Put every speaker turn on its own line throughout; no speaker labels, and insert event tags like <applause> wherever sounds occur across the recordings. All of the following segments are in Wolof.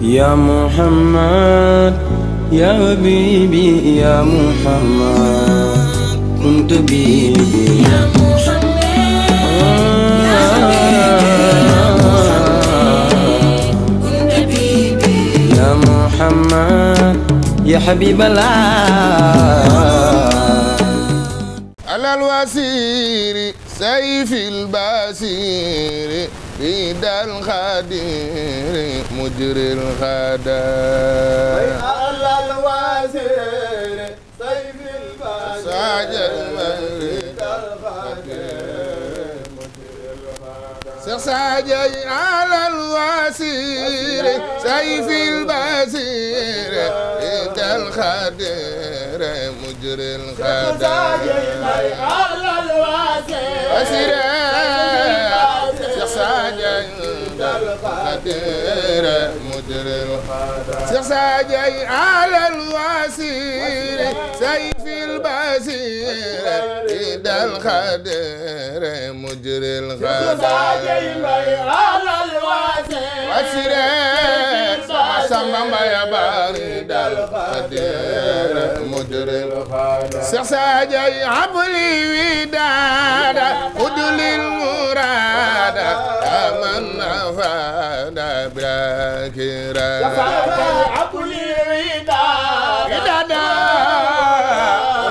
يا محمد يا حبيبي يا محمد كنت بيبي يا محمد يا محمد يا حبيب الله
على الوسير سيف البصير في دار الخدير مجري الغداء على الوزير سيف البدر ساج المريد الخدير مجري الغداء ساج على الوزير سيف البزير عيد الخدير مجري الغداء ساج على الوزير ساجي القدير مدر الخدر ساجي على الوسير سيف البصير إيد الخدير مجر الخدر ساجي على الوسير سمم يا بارد الخدير مجر الخدر ساجي عبلي وداد خذ للمجر المراد أمن أفاد براكرا أبلي ردا ردا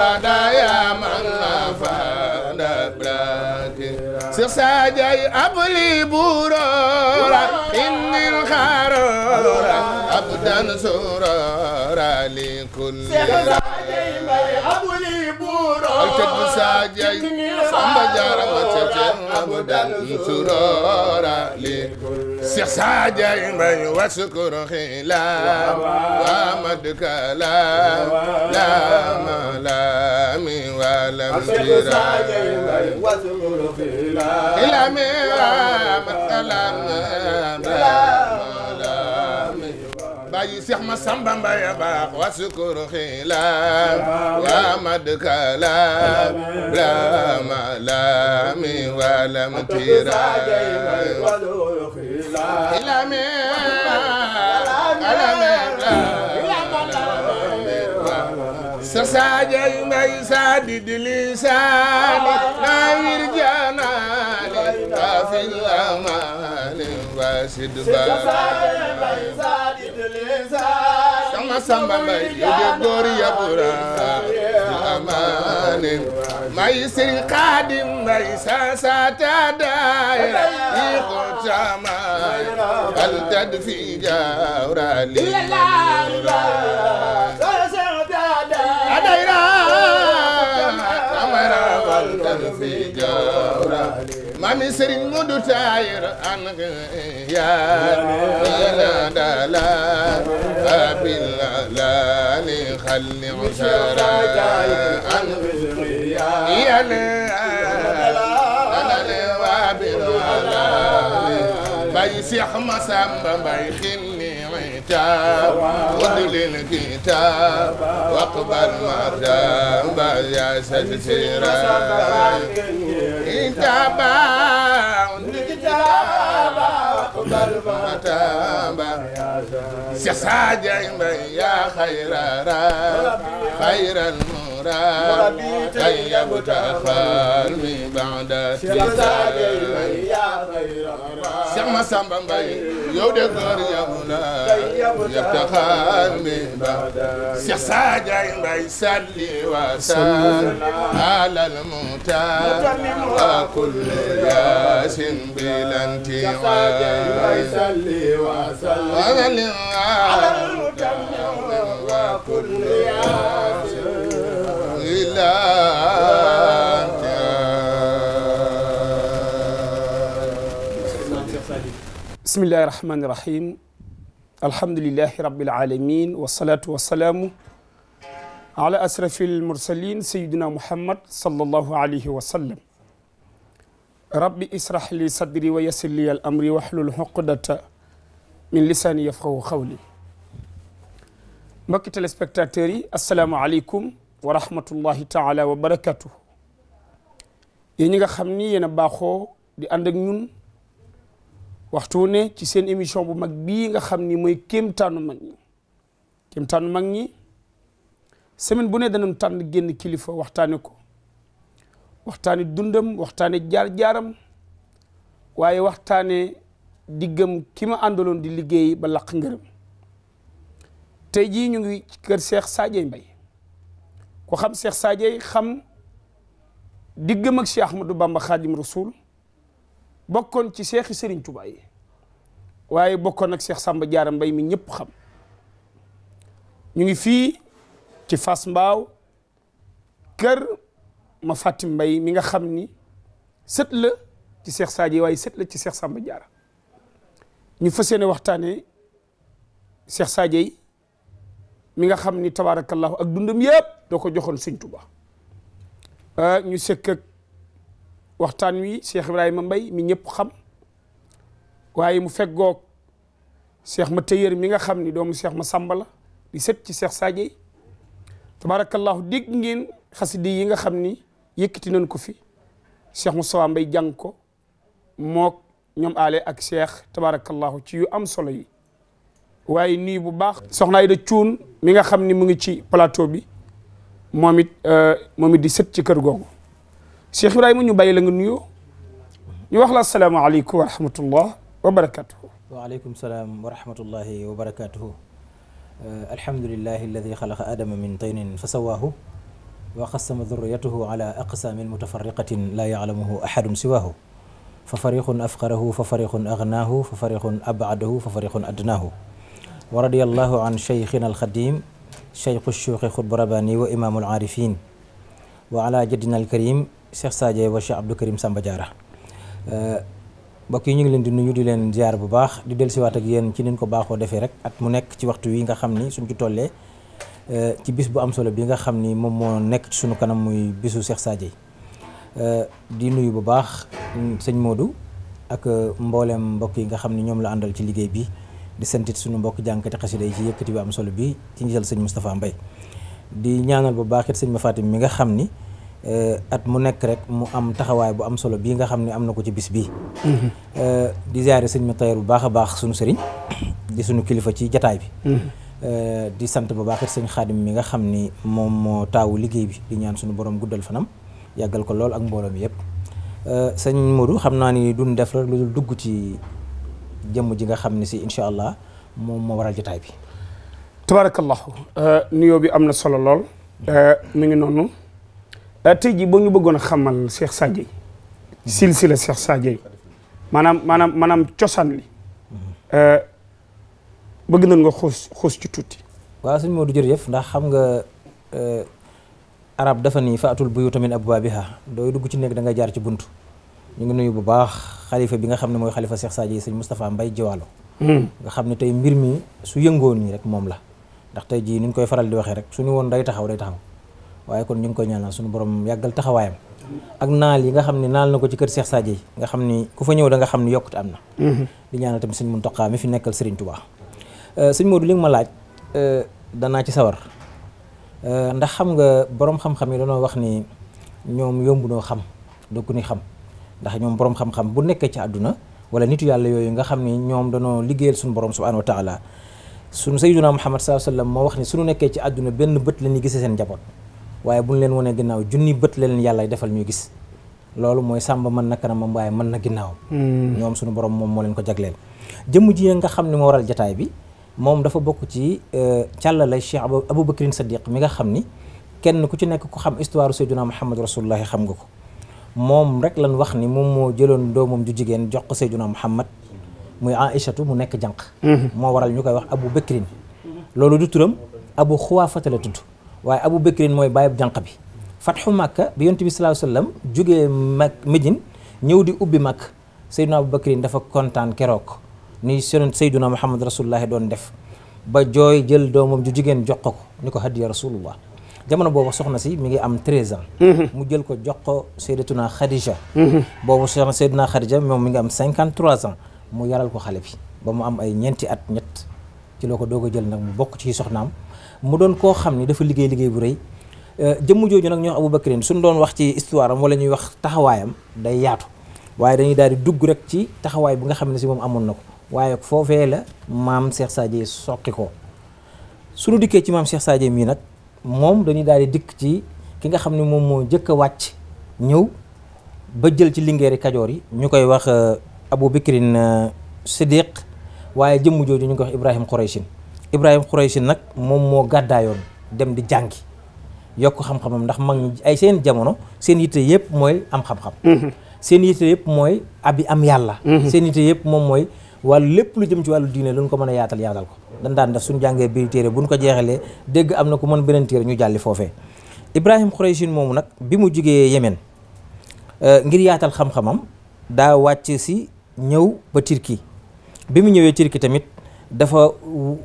ردا يا من أفاد براكرا سساجي أبلي بورورا إن الخارورا أبدا سرورا لكل jay Saajay mbay wa sukuru xila wa madkala la malami wa lam jira way sa sajay may sa didi lisani na wirjanani kafil amani wa sidqa Masamba Mbay jóge góori yabura di amaane may Sëriñ Xaadim may saasaata daayira yi xotama al tadfi jawra li yabura adayra amara wal tadfi jawra mami Sëriñ Mudu Taayir an yaa la la بالعلان خل عسارا عن غزريان بيسح مسام بيخني عتاب ودل الكتاب واقبل مرتاب يا سلسلة كتابا كتابا واقبل مرتاب Cheikh Sadio Mbaye yaa xayra ra xayral الغرام كي يبتخل من بعد سيخ ما سامبا مباي يو دي غور يولا يبتخل من بعد سيخ ساجا مباي سلي وسال على الموتى وكل ياس بلا انتوى سلي وسال على الموتى وكل ياس
bismillahi rahmaani rahim alhamdulilahi rabbil alamin wasalaatu wasalaamu ala asrafil mursalin sayidina muhammad sallallahu alayhi wa sallam rabbi israh li sadri wa yassir li al amri wahlul uqdata min lisaani yafqahu qawli mbokki téléspectateurs yi asalaamaaleykum wa rahmatullahi taala wa barakatuh yéen ñi nga xam ni yéen a baaxoo di ànd ak ñun ne ci seen émission bu mag bii nga xam ni mooy kéemtaanu mag ñi kéemtaanu mag ñi semaine bu ne danañ tànn génn kilifa waxtaane ko waxtaane dundam waxtaane jaar-jaaram waaye waxtaane diggam ki ma àndaloon di liggéey ba laq ngërëm tey jii ñu ngi kër Seex Saajay Mbay ku xam Cheikh Sadio xam diggam ak Cheikh Ahmadou Bamba Khadim Rasoul bokkoon ci Cheikh Serigne Touba yi waaye bokkoon ak seex Samba jaar mbay mi ñëpp xam ñu ngi fii ci fas Mbao kër ma fàtti mbay mi nga xam ni sët la ci Cheikh Sadio waaye sët la ci seex Samba Diarra ñu fas yéene waxtaanee Cheikh Sadio mi nga xam ni tabaarakallahu ak dundam yëpp doo ko joxoon sëñ Tuba ah, ñu sëkk waxtaan wi Cheikh Ibrahima Mbaye mi ñëpp xam waaye mu feggoog Cheikh ma tëyër mi nga xam ni doomu Cheikh ma sàmbala la di sët ci Cheikh Sadio tabaarakallahu dégg ngeen di yi nga xam ni yëkkati nañ ko fi ma Moustapha mbay jàng ko mook ñoom aale ak Cheikh tabaarakallahu ci yu am solo yi waaye nuyu bu baax soxna Ayda Cuun mi nga xam ni mu ngi ci plateau bi moom it euh, moom it di sët ci kër googu Cheikh Ibrahima ñu bàyyi la nga nuyoo ñu wax la
asalaamaaleykum wa
rahmatullah wa barakatuhu
waaleykum salaam wa rahmatullahi wa barakatuhu euh, alhamdulilahi alladi xalaqa adama min taynin fa sawaahu wa qasama durriyatahu ala aqsaamin mutafariqatin la yaalamuhu ahadun siwaahu fa fariqun afqarahu fa fariqun agnaahu fa fariqun abadahu fa fariqun adnaahu wa radiyallahu an cheikhina alxadim cheikhu shuuxi xutbu rabani wa imaamu alaarifin wa ala jaddina alkarim cheikh Sadio wa cheikh Abdou Karim Samba Diarra eh, mbokk yi ñu ngi leen di nuyu di leen ziar bu baax di dellusiwaat ak yéen ci nin ko baaxoo defee rek ak mu nekk ci waxtu wi nga xam ni suñ ci tollee eh, ci bis bu am solo bi nga xam ni moom moo nekk ci sunu kanam muy bisu Cheikh Sadio eh, di nuyu bu baax mm, sëñ moodu ak mboolem mbokk yi nga xam ni ñoom la àndal ci liggéey bi di santit suñu mbokk jànkati xasida yi ci yëkkati bi am solo bi ci njiital sëñ Moustapha Mbaye di ñaanal bu baax it Ma Fatim mi nga xam ni eh, at mu nekk rek mu am taxawaay bu am solo bi nga xam ne am na ko ci bis bii mm-hmm. eh, di ziare sëñ ma tayer bu baax a baax suñu sëriñ di suñu kilifa ci jataay bi mm-hmm. eh, di sant bu baax it sëñ xaadim mi nga xam ni moom moo taawu liggéey bi di ñaan suñu borom guddal fanam yàggal ko lool ak mbooloo mi yëpp sëñ Modou xam naa ni duñ def rek lu dul dugg ci jëmm ji nga xam ne si incha allah moom moo waral jotaay bi. tabarakallahu euh, nuyoo bi am na solo
lool. Euh, mi ngi noonu. Euh, tey jii boo ñu bëggoon a xamal Cheikh Sadio. silsila Cheikh Sadio. maanaam maanaam maanaam cosaan li. Mhm. bëgg nañ nga xuus xuus ci tuuti.
waa waaw suñu jër jërëjëf ndax xam nga. arab dafa nii faatul buyuuta min abwaabiha dooy dugg ci nekk da nga jaar ci bunt ñu ngi nuyu bu baax xalifa bi nga xam ne mooy xalifa Cheikh Sadji sëñ Moustapha Mbaye Jiwaalo hmm. nga xam ne tey mbir mi su yëngoon nii rek moom la ndax tey jii ni ñu koy faral di waxee rek suñu woon day taxaw day taxaw waaye kon ñu ngi koy ñaanal suñu borom yàggal taxawaayam ak naal yi nga xam ne naal na ko ci kër Cheikh Sadji nga xam ni ku fa ñëw da nga xam ne yokkute am na hmm. di ñaanal tamit sëñ Mountakha mi fi nekkal Serigne Touba euh, sëñ moo li nga ma laaj euh, danaa ci sawar euh, ndax xam nga boroom xam-xam yi dañoo wax ni ñoom yomb noo xam dëkku ni ndax ñoom borom xam-xam bu nekkee ci àdduna wala nitu yàlla yooyu nga xam ni ñoom danoo liggéeyal suñu borom subhanahu wa taala suñu sayyiduna muhammad sallallahu alayhi wasallam moo wax ni suñu nekkee ci àdduna benn bët la ñuy gisee seen njaboot bu ñu leen wanee ginnaaw junni bët la leen defal ñuy gis loolu mooy sàmba mën na kanamam waaye mën na ginnaaw
hmm. ñoom
suñu borom moom moo leen ko jagleel jëmm ji nga xam ne moo waral jataay bi moom dafa bokk ci euh, càllale cheikh abou bakrin sadiq mi nga xam ni kenn ku ci nekk ko xam histoire sayyiduna muhammad rasulullahi xam nga ko moom rek lan wax ni moom moo jëloon doomam ju jigéen jox ko Seydina Muhammad muy Aïchatu mu nekk jànq mhm. moo waral ñu koy wax Abu Bakrin loolu du turam Abu Xuwaafata la tudd waaye Abu Bakrin mooy bàyyib jànq bi fatxu Màkka bi yonent bi sallallahu alayhi wa sallam mag Médine ñëw di ubbi mag Seydina Abu Bakrin dafa kontaan keroog ni seen Seydina Muhammad rasulullahi doon def ba jooy jël doomam ju jigéen jox ko ko ni ko hadiya rasulullah jamono boobu soxna si mi ngi am 13 ans. Mhm. mu jël ko jox ko Seydatuna Khadija. Mhm. boobu soxna Seydatuna Khadija moom mi ngi am 53 ans mu yaral ko xale bi ba mu am ay ñeenti at ñett ci loo ko doog jël nag mu bokk ci soxnaam mu doon koo xam ni dafa liggéey liggéey bu rëy euh, jëmm jooju nag ñoo Aboubacrine suñu doon wax ci histoire am wala ñuy wax taxawaayam day yaatu waaye dañuy daal di dugg rek ci taxawaay bi nga xam ne si moom amoon na ko waaye foofee la maam Cheikh Sadie soqi ko suñu dikkee ci maam Cheikh Sadie mii nag. moom dañuy daal di dikk ci ki nga xam ne moom moo njëkk wàcc ñëw ba jël ci lingeeri kajoor yi ñu koy wax euh, Abu Bikrin euh, Siddiq waaye jëmm jooju ñu koy wax Ibrahim Khourayshin Ibrahim Khourayshin nag moom moo gàddaayoon dem di jàngi yokk xam-xamam ndax mag ñi ay seen jamono seen yitte yëpp mooy am xam-xam mhm. seen yitte yëpp mooy abi am yàlla mhm. seen yitte yëpp moom mooy wàllu lépp lu jëm ci wàllu diine lu ñu ko mën a yaatal yaatal ko dañ daan def suñu jàngee biir téere buñ ko jeexalee dégg am na ku mën beneen téere ñu jàlli foofee Ibrahim Khuraysin moomu nag bi mu jugee Yemen euh, ngir yaatal xam-xamam daa wàcc si ñëw ba Turquie bi mu ñëwee Turquie tamit dafa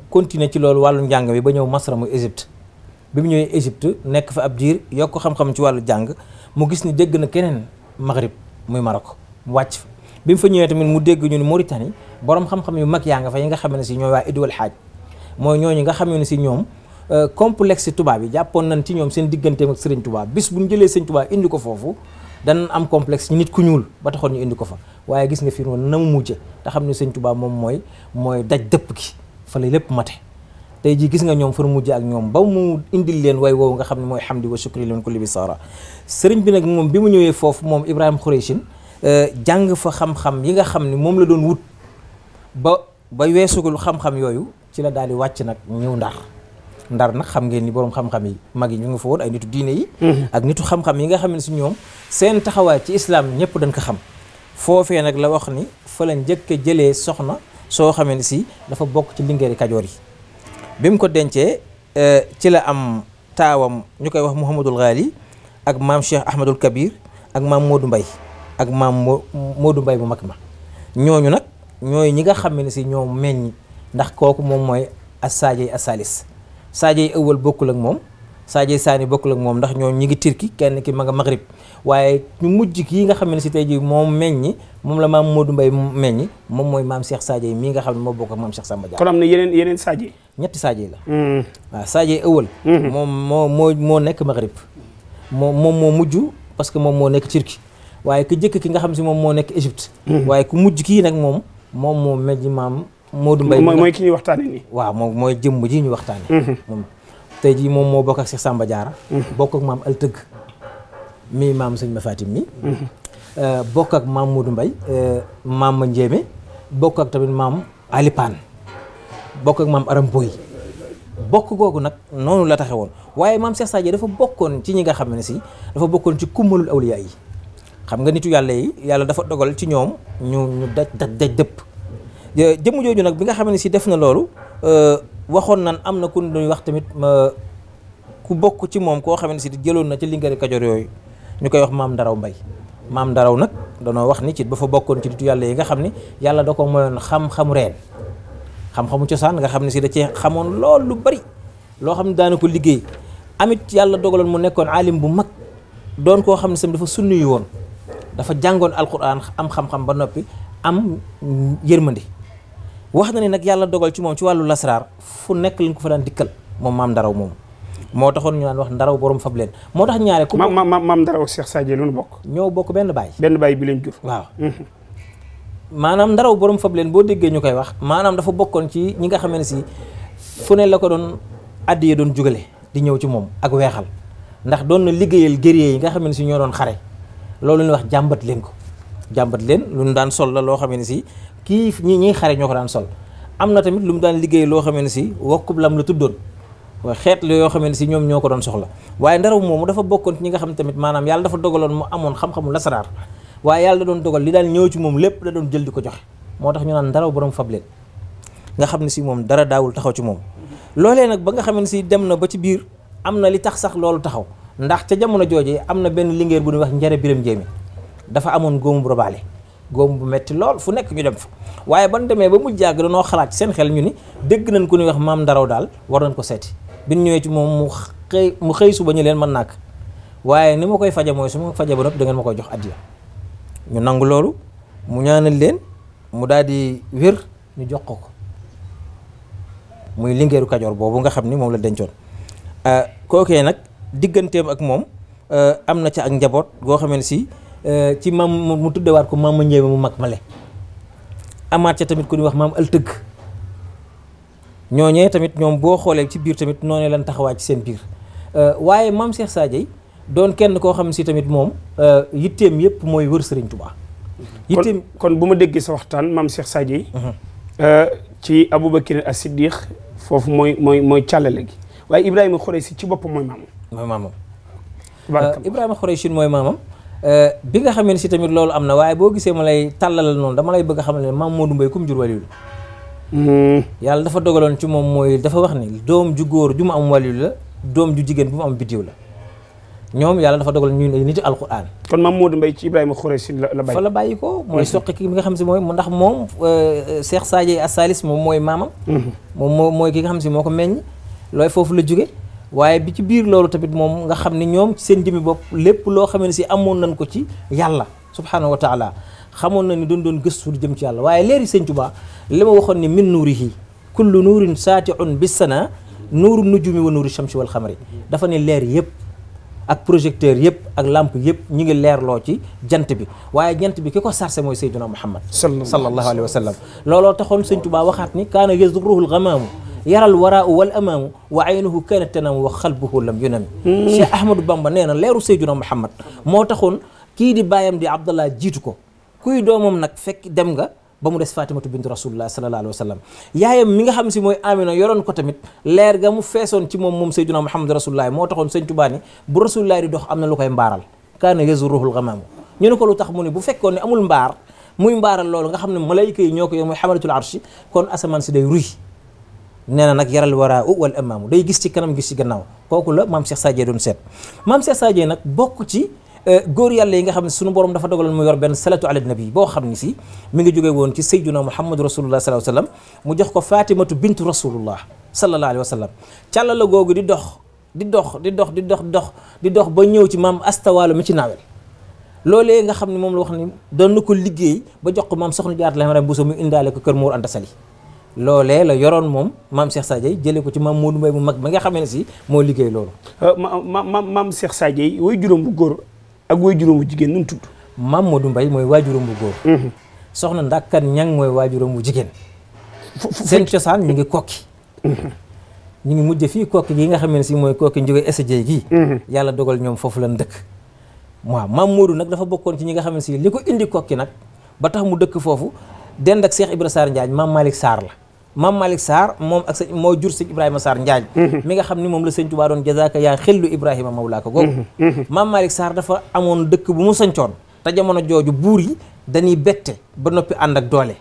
continuer ci loolu wàllu njàng mi ba ñëw Masra mu Égypte bi mu ñëwee Égypte nekk fa ab diir yokk xam-xam ci wàllu jàng mu gis ni dégg na keneen Maghrib muy Maroc mu wàcc fa bi mu fa ñëwee tamit mu dégg ñu ne Mauritanie borom xam-xam yu mag yaa nga fa yi nga xam ne si ñooy waa Idwal Xaaj mooy ñooñu nga xamee ne si ñoom euh, complexe tubaab yi jàppoon nañ ci ñoom seen digganteem ak sëriñ tubaab bis bu ñu jëlee sëriñ tubaab indi ko foofu dañ am complexe nit ku ñuul ba taxoon ñu indi ko fa waaye gis nga fi noonu na mu mujje te xam tubaab moom mooy mooy daj dëpp gi fa lépp mate tey jii gis nga ñoom far mujj ak ñoom ba mu indil leen way woowu nga xam ne mooy hamdi wa shukri leen kulli bi saara sëriñ bi nag moom bi mu ñëwee foofu moom Ibrahima Khouréchine euh, jàng fa xam-xam yi nga xam ne moom la doon wut ba ba weesugul xam-xam yooyu ci la daal di wàcc nag ñëw ndar ndar nag xam ngeen ni borom xam-xam yi mag yi ñu ngi fa woon ay nitu diine yi mhm. ak nitu xam-xam yi nga xam ne si ñoom seen taxawaay ci islam ñëpp dañ ko xam foofee nag la wax ni fa njëkk a jëlee soxna soo xamee si dafa bokk ci lingeeri kajoor yi bi mu ko dencee euh, ci la am taawam ñu koy wax Mouhamadul Ghali ak maam Cheikh Ahmadul Kabir ak maam Modou Mbaye ak maam Modou Mbaye bu mag ma nga xam ne si ñoom meññ ndax kooku moom mooy a as Sadio Asalis Sadio ëwal bokkul ak moom Sadio Sani bokk ak moom ndax ñoo ñi ngi Turki kenn ki ma nga Maghrib waaye ñu mujj kii nga xam si tey jii moom meññi moom la maam Modou Mbaye meññi moom mooy maam Cheikh Sadio mii nga xam moo bokk ak maam Cheikh Samba Diagne. na yeneen yeneen Sadio. ñetti Sadio la. Mm. waaw Sadio mm-hmm. moo moo moo nekk Maghrib moom moom moo mujj parce que moom moo nekk Turki waaye ku jëkk ki nga xam si moom moo nekk Égypte. Mm-hmm. waaye ku mujj kii nag moom moom moo meññi maam. Modou Mbaye mooy ki ñuy waxtaanee nii. waaw moom mooy jëmm ji ñu waxtaanee. Mhm. moom tey jii moom moo bokk ak Cheikh Samba Diarra. Mhm. bokk ak maam Altëgg mii maam sëñ Ma Fatim mi mhm. euh, bokk ak maam Modou Mbaye euh, maam ma Ndiémé bokk ak tamit maam Ali bokk ak maam Aram bokk kooku nag noonu la taxe woon waaye maam Cheikh Sadio dafa bokkoon ci ñi nga xam ne si dafa bokkoon ci kummalul awliyaa yi xam nga nitu yàlla yi yàlla dafa dogal ci ñoom ñu ñu daj daj daj dëpp Euh, jëmm jooju nag bi nga xam ne si def na loolu euh, waxoon nan am na ku ñuy wax tamit ma ku bokk ci moom koo xam ne si jëloon na ci Lingari Kajoor yooyu ñu koy wax maam Daraw Mbay maam Daraw nag danoo wax ni ci dafa bokkoon ci nitu yàlla yi nga xam ne yàlla da ko mayoon xam-xamu reen xam-xamu cosaan nga xam ne si da cee xamoon lool lu bari loo xam ne daana liggéey amit yàlla dogaloon mu nekkoon aalim bu mag doon koo xam ne sam dafa sunniyu woon dafa jàngoon alquran am xam-xam ba noppi am yërmandi wax na ni nag yàlla dogal ci moom ci wàllu lasraar fu nekk lañ ko fa daan dikkal moom maam ndaraw moom moo taxoon ñu naan wax ndaraw boroom fab leen moo tax ñaare ku maam maam ndaraw ak Cheikh Sadio lu nu bokk ñoo bokk benn baay benn baay bi leen jur waaw mhm. maanaam ndaraw borom fab leen boo déggee ñu koy wax maanaam dafa bokkoon ci ñi nga xam ni si fu ne la ko doon addiye doon jugale di ñëw ci moom ak weexal ndax doon na liggéeyal guerrier yi nga xam ne si ñoo doon xare loolu ñu wax jàmbat leen ko jàmbat leen lu ñu daan sol la loo xam si kii ñi ñiy xare ñoo ko daan sol am na tamit lu mu daan liggéey loo xamee ne si wokkub lam la tuddoon xeet la yoo xamee si ñoom ñoo ko doon soxla waaye moomu dafa bokkoon ci ñi nga xam tamit maanaam yàlla dafa dogaloon mu amoon xam-xamu lasaraar waaye yàlla dogal li daan ñëw ci moom lépp da doon jël ko joxe moo tax ñu naan ndaraw borom fableen nga xam ne si moom dara daawul taxaw ci moom loole nag ba nga xam si dem na ba ci biir am na li tax sax loolu taxaw ndax ca jamono joojee am na benn lingeer bu ñuy wax njare biram jéemi dafa amoon góomu robaale góom bu metti lool fu nekk ñu dem fa waaye ban demee ba mu jàgg danoo xalaat seen xel ñu ni dégg nañ ko ñuy wax maam ndaraw daal war nañ ko seeti bi ñëwee ci moom mu xëy mu xëy suba ñu leen mën nàkk waaye ni ma koy faje mooy su ma faje ba noppi dangeen ma koy jox addiya ñu nangu loolu mu ñaanal leen mu daal di wér ñu jox ko ko muy lingeeru kajoor boobu nga xam ni moom la dencoon euh, kookee nag digganteem ak moom euh, am na ca ak njaboot goo xamee ne si Euh, ci maam mu tuddewaat ko maam ma njéeme mu mag male amaat ca tamit ku ñuy wax maam ëltëgg ñooñee tamit ñoom boo xoolee ci biir tamit noonee lan taxawaat ci seen biir euh, waaye maam Cheikh Sadio doon kenn koo xam si tamit moom euh, yitteem yëpp mooy wër Serigne Touba. yitteem kon bu ma déggee sa waxtaan maam Cheikh Sadio. Mhm. ci
Aboubacar as-Siddiq foofu mooy mooy mooy càllale gi waaye Ibrahima Khoureyssi ci boppam mooy maamam.
mooy maamam Ibrahima mooy maamam. Euh, bi nga xamee si tamit loolu am na waaye boo gisee ma lay tàllal noonu dama lay bëgg a xam ne maam Modou Mbaye kum jur waliyu la hmm. yàlla dafa dogaloon ci moom mooy dafa wax ni doom ju góor ju mu am waliyu la doom ju jigéen bu mu am biddiw la ñoom yàlla dafa dogal ñun ay nit alquran
kon maam Modou Mbaye ci Ibrahima Khoureyssi la
bàyyi fa la
bàyyi ko mooy hmm. soqi ki nga xam si mooy ndax moom euh, Cheikh Sadio Assalis moom mooy maamam hmm. moom mooy ki nga xam si moo ko meññ looy foofu la jóge waaye bi ci biir loolu tamit moom nga xam ne ñoom ci seen jëmmi bopp lépp loo xam si amoon nañ ko ci yàlla subhaanahu wa taala xamoon na ni doon doon gëstu di jëm ci yàlla waaye leeri sëñ Tuubaa li ma waxoon ni min nuurihi kullu nuurin saatiun bisana nuuru nujumi wa nuuru shamsi wal xamari dafa ne leer yëpp ak projecteur yëpp ak lampe yëpp ñu ngi leer loo ci jant bi waaye jant bi ki ko sarse mooy sayduna muhammad sallallahu alayhi wa sallam looloo taxoon sëñ Tuubaa waxaat ni kaana yasruhul gamaamu yaral waraa wal amaamu wa aynuhu kaanat tanaamu wa xalbuhu lam yunami hmm. Cheikh Ahmadou Bamba nee na leeru Seydina Muhammad moo taxoon kii di bàyyam di Abdallah jiitu ko kuy doomam nag fekk dem nga ba mu des fatimatu bintu rasulullah sallallahu alayhi wa sallam yaayam mi nga xam si mooy amina yoroon ko tamit leer ga mu feesoon ci moom moom sayduna muhammad rasulullah moo taxoon sëñ Tuubaa ni bu rasulullah di dox am na lu koy mbaaral kaana yazuruhul gamaamu ñu ne ko lu tax mu ne bu fekkoon ne amul mbaar muy mbaaral loolu nga xam ne malayka yi ñoo ko yor muy xamalatul arshi kon asamaan si day nee na nag yaral waraa u wal amaamu day gis ci kanam gis ci gannaaw kooku la maam Cheikh Sadie doon seet maam Cheikh Sadie nag bokk ci eh, góor yàlla yi nga xam ne sunu borom dafa dogaloon mu yor benn salatu ala nabi boo xam ne si mi ngi jóge woon ci sayyiduna muhammadu rasulullah sallallahu alayhi wa sallam mu jox ko faatimatu bint rasulullah sallallahu alayhi wa sallam càlla la googu di dox di dox di dox di dox dox di dox ba ñëw ci maam astawaalo mi ci naawel loolee nga xam ne moom la wax ni doon na ko liggéey ba jox ko maam soxna jaarata la xam bu so mu indaale ko kër Mor Anta Sali loolee la yoroon moom maam Cheikh Sadio jëlee ko ci maam Modou Mbaye mu mag mi nga xamee ne si moo liggéey loolu. Euh, ma ma maam Cheikh Sadio way juróom bu góor ak way juróom bu jigéen nu tudd. maam Modou Mbaye mooy waajuram bu góor. soxna Ndakkan Ñang mooy waajuram bu jigéen. seen cosaan ñu ngi kokki. ñu ngi mujj fii kokki gi nga xamee si mooy kokki njóge SDE gii. yàlla dogal ñoom foofu lan dëkk. waaw maam Modou nag dafa bokkoon ci ñi nga xamee ne si li ko indi kokki nag ba tax mu dëkk foofu dend ak seex Ibra Sarr Njaañ maam Malick Sarr la. maam Malick Sarr moom ak sëñ moo jur sëñ Ibrahima Sarr Njaañ mhm. mi nga xam ni moom la sëñ Tuubaa doon jazaaka yaa xellu Ibrahima Mawlaaka googu mhm. mhm. maam Malick Sarr dafa amoon dëkk bu mu sañcoon te jamono jooju buur yi dañuy bette ba noppi ànd ak doole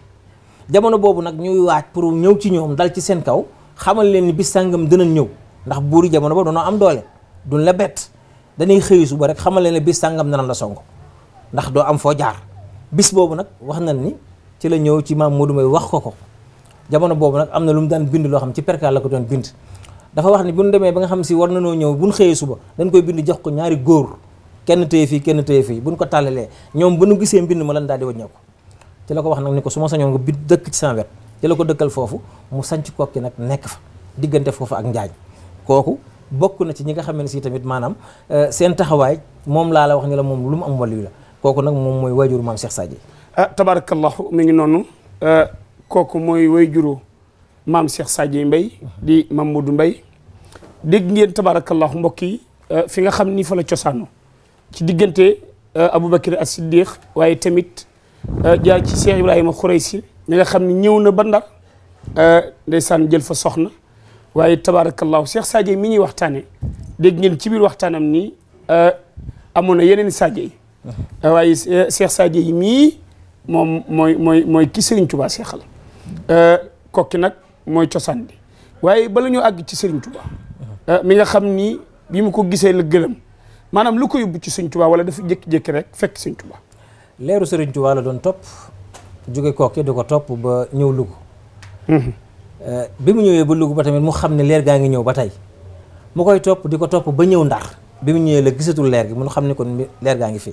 jamono boobu nag ñuy waaj pour ñëw ci ñoom dal ci seen kaw xamal leen ni bis sàngam dinañ ñëw ndax buur yi jamono boobu danoo am doole duñ la bett dañuy xëy suba rek xamal leen ne bis sàngam danañ la song ndax doo am foo jaar bis boobu nag wax nañ ni ci la ñëw ci maam Modou may wax ko ko jamono boobu nag am na lu mu daan bind loo xam ci perkaal la ko doon bind dafa wax ni bu ñu demee ba nga xam si war na noo ñëw bu ñu xëyee suba dañ koy bind jox ko ñaari góor kenn téye fii kenn téye fii bu ñu ko tàllalee ñoom bu ñu gisee mbind ma lan daal di ko ci la ko wax nag ni ko su ma sañoon nga bi dëkk ci sama wet ci la ko dëkkal foofu mu sanc kokki nag nekk fa diggante foofu ak njaañ kooku bokk na ci ñi nga xam ne si tamit maanaam euh, seen taxawaay moom laa la wax ni la moom lu mu am wàllu la kooku nag moom mooy waajur maam Cheikh Sadji
ah tabarakallahu mi noonu euh, kooku mooy way juru maam Cheikh Sadji mbay di Mamadou mbay dégg ngeen tabarakallahu mbokk yi euh, fi nga xam ni fa la cosaano ci diggante euh, Aboubacar as-Siddiq waaye tamit euh, jaar ci Cheikh Ibrahima Khouraysi ñi nga xam ni ñëw na ba Ndar ndeysaan jël fa soxna waaye tabarakallahu Cheikh Sadji mi ñuy waxtaane dégg ngeen ci biir waxtaanam nii amoon na yeneen Sadji yi waaye Cheikh Sadji yi mii moom mooy mooy mooy ki Serigne Touba Euh, kokki nag mooy cosaan bi waaye bala ñu àgg ci Serigne Touba euh, mi nga xam ni bi mu ko gisee la gëlëm maanaam lu ko yóbbu ci Serigne tubaa wala dafa jékki-jékki rek fekk Serigne Touba leeru
Serigne Touba la doon topp jóge kokki di ko topp ba ñëw Louga mhm. euh, bi mu ñëwee ba Louga ba tamit mu xam ne leer gaa ngi ñëw ba tey mu koy topp di ko topp ba ñëw Ndar bi mu ñëwee la gisatul leer gi mun xam ne kon leer gaa ngi fi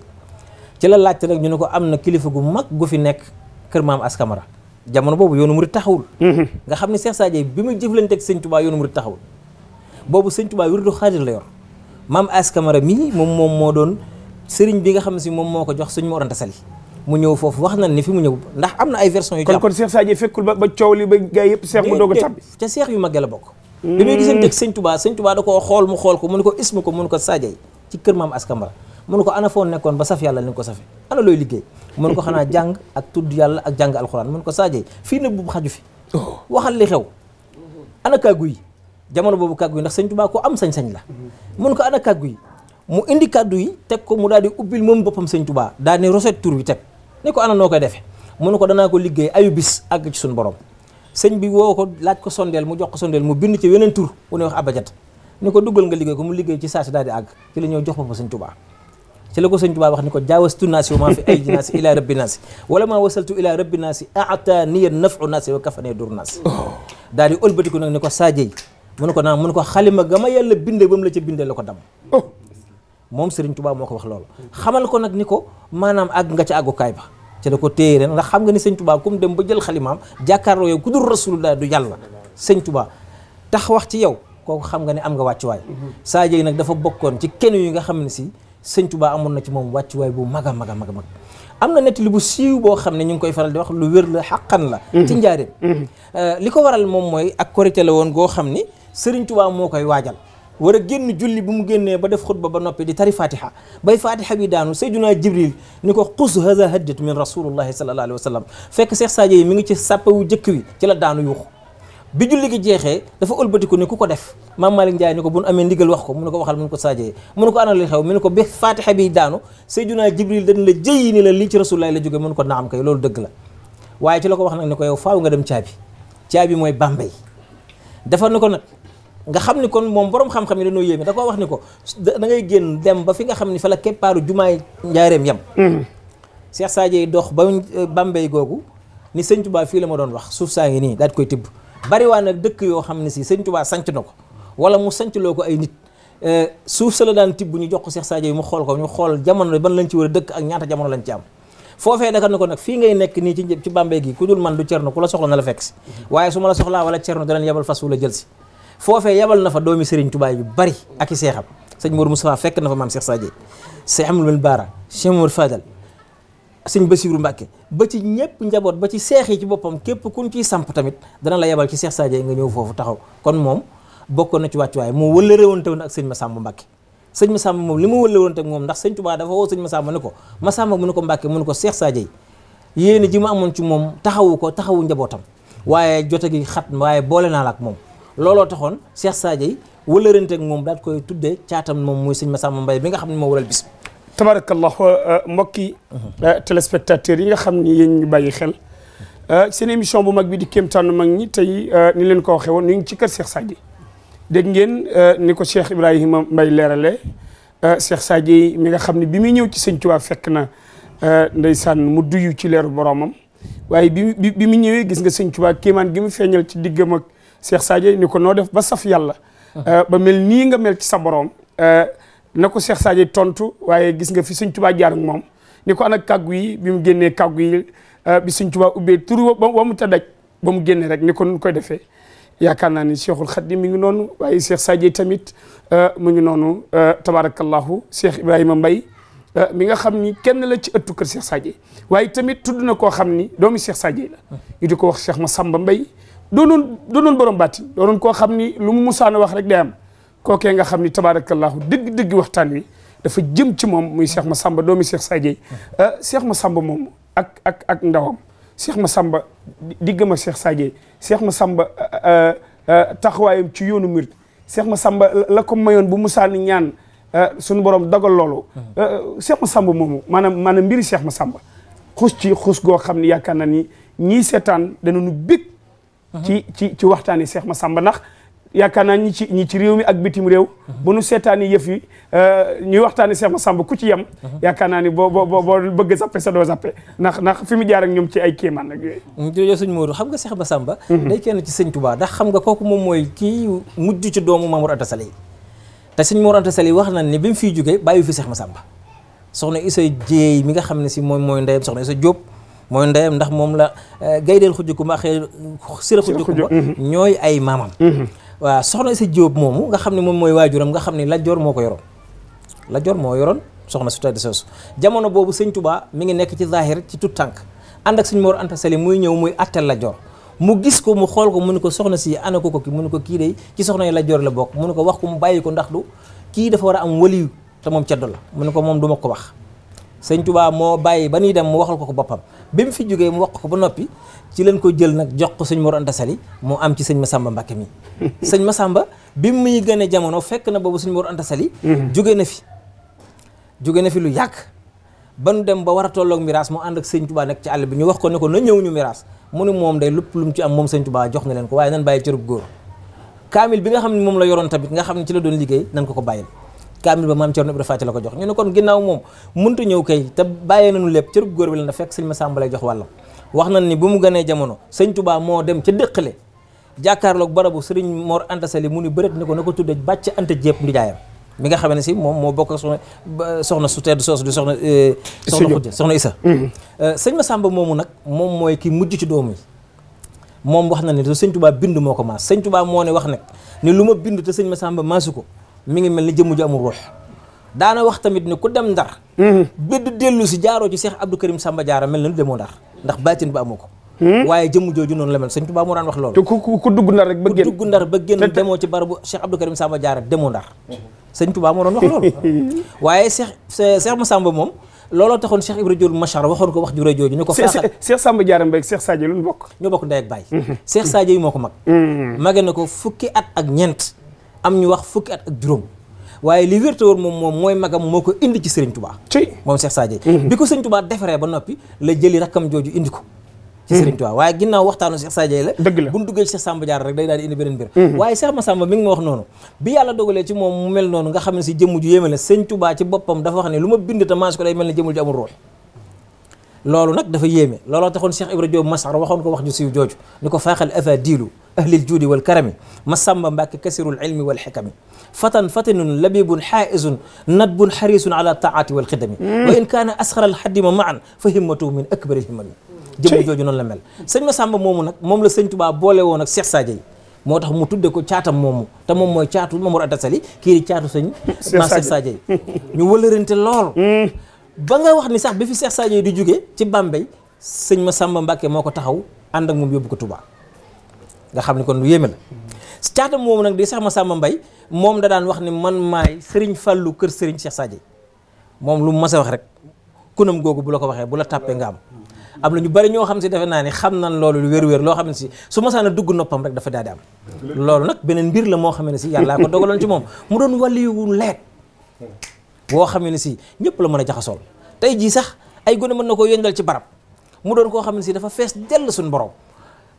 ci la laajte rek ñu ne ko am na kilifa gu mag gu fi nekk kër maam askamara jamono boobu yoonu murid taxawul mhm. nga xam ne Cheikh Sadio bi muy jëflante ak sëñ Touba yoonu murid taxawul boobu sëñ Touba du xaadir la yor maam As Camara mii moom moom moo doon sëriñ bi nga xam si moom moo ko jox suñ Mor Anta Sali mu ñëw foofu wax na ni fi mu ñëw ndax am na ay version yu kon kon Cheikh Sadio fekkul ba ba coow li ba gars yëpp Cheikh mu doog a tàbbi ca Cheikh yu mag la bokk mm. bi muy gisante ak sëñ Touba sëñ Touba da ko xool mu xool ko mu ne ko ismu ko mu ne ko Sadio ci kër maam As Camara mun ko ana foo nekkoon ba saf yàlla li ko safe ana looy liggéey mun ko xanaa <laughs> jàng ak tudd yàlla ak jàng alxuraan mun ko saajey fii ne bu xaju fi oh. waxal li xew ana kàggu yi jamono boobu kàggu yi ndax sëñ Tuubaa ko am sañ-sañ la mun ko ana kàggu yi mu indi kàddu yi teg ko mu daal di ubbil moom boppam sëñ Tuubaa daal ne roset tur bi teg ne ko ana noo koy defee mun ko danaa ko liggéey ayu bis àgg ci suñu borom sëñ bi woo ko laaj ko sondeel mu jox ko sondeel mu bind ci weneen tur wu ne wax abajat ni ko duggal nga liggéey ko mu liggéey ci saa si daal ci la ñëw jox boppam sëñ Tuubaa ca la ko sëñ Tuubaa wax ni ko jaawastu naasi wa maa fi aydi naasi ilaa rabbi naasi wala maa wasaltu ilaa rabbi naasi aataaniya nafu naasi wa kafane dur naasi oh. daal di ëlbatiku nag ni ko saajey mu ne ko naan mu ko xalima ga ma yàlla binde ba mu la ca bindee la ko dam oh. moom Serigne Touba moo ko wax loolu xamal ko nag ni ko maanaam àgg nga ca kaay ba ci la ko téye ren ndax xam nga ni sëñ Touba kum dem ba jël xalimaam jàkkaarloo yow ku dul rasulullah du yàlla sëñ Touba tax wax ci yaw kooku xam nga ne am nga wàccuwaay mm-hmm. Sadio nag nga xam si sëñ tubaa amoon na ci moom wàccuwaay bu mag a mag a am na li bu siiw boo xam ne ñu ngi koy faral di wax lu wér la xàqan la mhm. ci njaareem mhm. euh, li ko waral moom mooy ak korité la woon goo xam ni sëriñ tubaa moo koy waajal war a génn julli bu mu génnee ba def xutba ba noppi di tari fatiha bay fatiha bi daanu sayyiduna jibril ni ko xus haza haddit min rasulullahi sallallahu alayhi wa sallam fekk Seex Sadio yi mi ngi ci sàppawu jëkk wi ci la daanu yuuxu bi julli gi jeexee dafa ëlbatiku ne ku ko def maam Malick Ndiaye ni ko bu nu amee ndigal wax ko mu ne ko waxal mu ne ko saajee mu ne ko ana li xew mu ne ko bi faatixa bi daanu Seydina Jibril dañ la jëyi ni la lii ci rasulullaay la jóge mu ko la waaye ci la ko wax nag ne ko yow faaw nga dem caabi caabi mooy Bambey dafa ne ko nag nga xam ni kon moom borom xam-xam yi dañoo yéeme da koo wax ni ko da ngay génn dem ba fi nga xam ni fa la keppaaru jumaay njaareem yem hmm. Cheikh Sadio dox ba Bambey googu ni sëñ Tuubaa fii la ma doon wax suuf saa ngi nii daal koy tibb bari waa na dëkk yoo xam ne si sëñ Tuubaa sanc na ko wala mu loo ko ay nit euh, suuf sa la daan tibb ñu jox ko Cheikh Sadio yi mu xool ko ñu xool jamono ban lañ ci war a dëkk ak ñaata jamono lañ ci am foofee daka ne ko nag fii ngay nekk nii ci ci Bambey gi ku dul man du cerno ku la soxla na la fekk si waaye su ma la soxlaa wala cerno danañ yebal fas wu la jël si foofee yebal na fa doomi Sëriñ Tuubaa yu bari ak i seexam sëñ Mour Moustapha fekk na fa maam Cheikh Sadio Cheikh Amadou Bara Cheikh Mour Fadal sëñ Basiiru Mbàkke ba ci ñëpp njaboot ba ci seex yi ci boppam képp kun ciy samp tamit dana la yebal ci seex yi nga ñëw foofu taxaw kon moom bokkoon na ci wàccuwaay moo wëllëre woon woon ak sëñ Masamba Mbàkke sëñ Masamba moom li ma wëllëre woon ak moom ndax sëñ Tuubaa dafa woo sëñ Masamba ne ko Masamba mu ne ko Mbàkke mu ne ko seex Sadio yéene ji mu amoon ci moom taxawu ko taxawu njabootam waaye jote gi xat waaye boole naa la ak moom looloo taxoon seex yi wëllërante ak moom daal koy tuddee caatam moom muy sëñ Masamba Mbay bi nga xam ne moo waral bis tabarakallah euh, euh, mbokki uh-huh. euh, téléspectateurs
yi nga xam ni yéen ñu bàyyi xel seen mission bu mag bi di kem kéemtaanu mag ñi tey ni leen ko waxee woon ñu ngi ci kër Cheikh Sadji dégg ngeen ni ko Cheikh Ibrahima mbay leerale Cheikh Sadji mi nga xam ne bi muy ñëw ci sëñ Tuubaa fekk na ndeysaan mu duyu ci leeru boromam waaye bi bi mu ñëwee gis nga sëñ Tuubaa kéemaan gi mu feeñal ci diggam ak Cheikh Sadji ni ko noo def ba saf yàlla uh-huh. ba mel nii nga mel ci sa borom na ko Cheikh Sadio tontu waaye gis nga fi Sëñ Tuubaa jaar moom ni ko ana kàggu yi bi mu génnee kàggu yi euh, bi Sëñ Tuubaa ubbee tur wa mu ta daj ba mu génne rek ni ko nu koy defee yaakaar naa ni Cheikhul Khadim mi ngi noonu waaye Cheikh Sadio tamit euh, mu ngi noonu euh, tabarakallahu Cheikh Ibrahima mbay mi nga xam ni kenn la ci ëttu kër Cheikh waaye tamit tudd na koo xam ni doomu Cheikh Sadio la ñu di ko wax Cheikh Massamba Mbaye doonoon doonoon borom baati doonoon koo xam ni lu mu musaana wax rek day kookee nga xam ni tabaarakallaahu dëgg-dëgg waxtaan wi dafa jëm ci moom muy Cheikh samba doomi Cheikh Sadie mm-hmm. euh, Cheikh Massamba moom ak ak ak ndawam samba Massamba diggam ak Cheikh Sadie Cheikh samba euh, euh, taxawaayam ci yoonu murit Cheikh Massamba la ko mayoon bu musaani ñaan suñu borom dogal loolu. Mm-hmm. Cheikh samba moomu maanaam maanaam mbiri ma samba xus ci xus goo xam ne yaakaar naa ni ñii seetaan danañu bég. Mm-hmm. ci ci ci waxtaani Cheikh Massamba ndax. yaakaar naa ñi ci ñi ci réew mi ak bitim réew mhm. bu nu seetaani yëf yi euh, ñuy waxtaani Cheikh Massamba ku ci yem mhm. yaakaar naa boo boo bëgg zappe sa doo zappe
ndax ndax fi mu jaar ak ñoom ci ay kéemaan ak yooyu mm, jërëjëf sëñ Modou xam nga Cheikh Massamba mhm. day kenn ci sëñ ndax xam nga kooku moom kii mujj ci doomu Mamour Anta Sali te sëñ Mamour Anta Sali wax na ni bi fiy jógee bàyyi fi Cheikh Massamba soxna Issa Dieye mi nga xam ne si moom mooy ndeyam soxna Issa jóob mooy ndeyam ndax moom la gaydeel xujjuku ma xëy sira xujjuku ma ñooy ay maamam waaw soxna si Jóob moomu nga xam ne moom mooy waajuram nga xam ni Lat Joor moo ko yoroon Lat moo yoroon soxna su tedd soosu jamono boobu sëñ Touba mi ngi nekk ci zahir ci tout tànk ànd ak suñu Mor Anta Sali muy ñëw muy attel Lat Joor mu gis ko mu xool ko mu ne ko soxna si ana ko ko ki mu ne ko kii day ci soxna yi Lat Joor la bokk mu ne ko wax ku mu bàyyi ko ndax du kii dafa war a am waliyu te moom ceddo la mu ne ko moom du ma ko wax sëñ tubaa moo bàyyi ba nuy dem mu waxal ko ko boppam bi mu fi jógee mu wax ko ba noppi ci leen ko jël nag jox ko sëñ Mor Anta Sali mu am ci sëñ ma Massamba mbakke mi <laughs> sëñ Massamba bi muy gën a jamono fekk na boobu sëñ Mor Anta Sali mm-hmm. jóge na fi jóge na fi lu yàgg ba nu dem ba war a tolloog miraas mu ànd ak sëñ Touba nekk ci àll bi ñu wax ko ne ko na ñëw ñu miraas mu ne moom day lépp lu mu ci am moom sëñ tubaa jox na leen ko waaye nan bàyyi cërub góor kaamil bi nga xam ne moom la yoroon tamit nga xam ne ci la ko ko kaamil ba maam Cerno Ibra Faty la ko jox ñu ne kon ginnaaw moom mënta ñëw kay te bàyyee nañu lépp cërub góor bi la na fekk sëñ Masamba lay jox wàllam wax nañ ni bu mu moo dem ca dëkkale mu ni bëreet ni ko na ko tudde bàcc Anta Jépp moom moo bokk soxna soxna su tedd soos di soxna euh, soxna xujja soxna Isa mm-hmm. euh, sëñ Masamba moomu nag moom mooy ki mujj ci doom yi moom wax na ne sëñ Touba bind moo ko maas sëñ Touba moo ne wax nag ne lu ma bind te sëñ Masamba maasu ko mi ngi mel ni jëmm ju amul ruux daana wax tamit ni ku dem ndar mhm. bédd dellu si jaaroo ci Cheikh Abdou Karim Samba Diarra mel na lu demoo ndar ndax baatin ba amu ko mhm. waaye jëmm jooju noonu la mel sëñ Tuubaa moo ba génn ku dugg ndar ba génn demoo ci barabu Cheikh Abdou Karim Samba Diarra demoo ndar sëñ Tuubaa moo doon wax loolu <laughs> waaye moom looloo taxoon Cheikh Ibra Diol Machar waxoon ko wax ju rajo ji ni ko faaxal Cheikh Samba Diarra Mbaye ak Cheikh Sadio lu ñu bokk ñoo bokk ndey ak baay mhm. yi moo ko mag mage na ko fukki at ak ñeent am ñu wax fukki at ak juróom waaye li wér te wóor moom moom mooy magam moo ko indi ci Serigne Touba. moom Cheikh Sadio mhm. bi ko Serigne Touba defaree ba noppi la jëli rakkam jooju indi ko. ci Serigne mhm. Touba waaye ginnaaw waxtaanu Cheikh Sadio la. dëgg la bu ñu duggee Cheikh Samba Diarra rek day daal di indi beneen mbir. Mhm. waaye Cheikh Massamba mi ngi ma wax noonu. bi yàlla dogalee ci moom mu mel noonu nga xam ne si jëmm ju yéeme la Serigne Touba ci boppam dafa wax ne lu ma bind te maas ko day mel ne jëmul ji amul rool loolu nag dafa yéeme looloo taxoon Cheikh Ibra Diop Masar waxoon ko wax ju siiw jooju ni ko faaxal afa diilu ahlil juudi wal karami masamba mbàkke kasirul ilmi wal xikami fatan fatinun labibun xaa'isun nadbun xarisun ala taati wal xidami mm. wa in kaana asxara al xaddima maan fa himmatu min akbaril himami mm. jëmm jooju noonu la mel sëñ Masamba moomu nag moom la sëñ Tuubaa boole woon ak Cheikh Sadio yi moo tax mu tudde ko caatam moomu te moom mooy caatu Mamour Anta Sali kii di caatu sëñ Cheikh Sadio yi ñu wëlërante lool mm. ba nga wax ni sax bi fi Cheikh Sadio di jóge ci Bambey sëñ ma Massamba Mbacké moo ko taxaw ànd ak moom yóbbu ko Touba nga xam ne kon lu yéeme la mm-hmm. caata moom nag di Cheikh Massamba Mbaye moom da daan wax ni man maay Serigne Fallou kër Serigne Cheikh Sadio moom lu mu mas a wax rek kunam googu bu la ko waxee bu la tàppee nga am mm-hmm. am na ñu bari ñoo xam si defe naa ni xam nan loolu lu wér-wér loo xam ne si su masaana dugg noppam rek dafa daal di am mm-hmm. loolu nag beneen mbir la moo xam ne si yàllaa ko dogaloon ci moom mu doon wàlliwu leet boo xamee ne si ñëpp la mën a jaxasool tey jii sax ay gone mën na koo yëngal ci barab mu doon koo xam ne si dafa fees dell suñu borom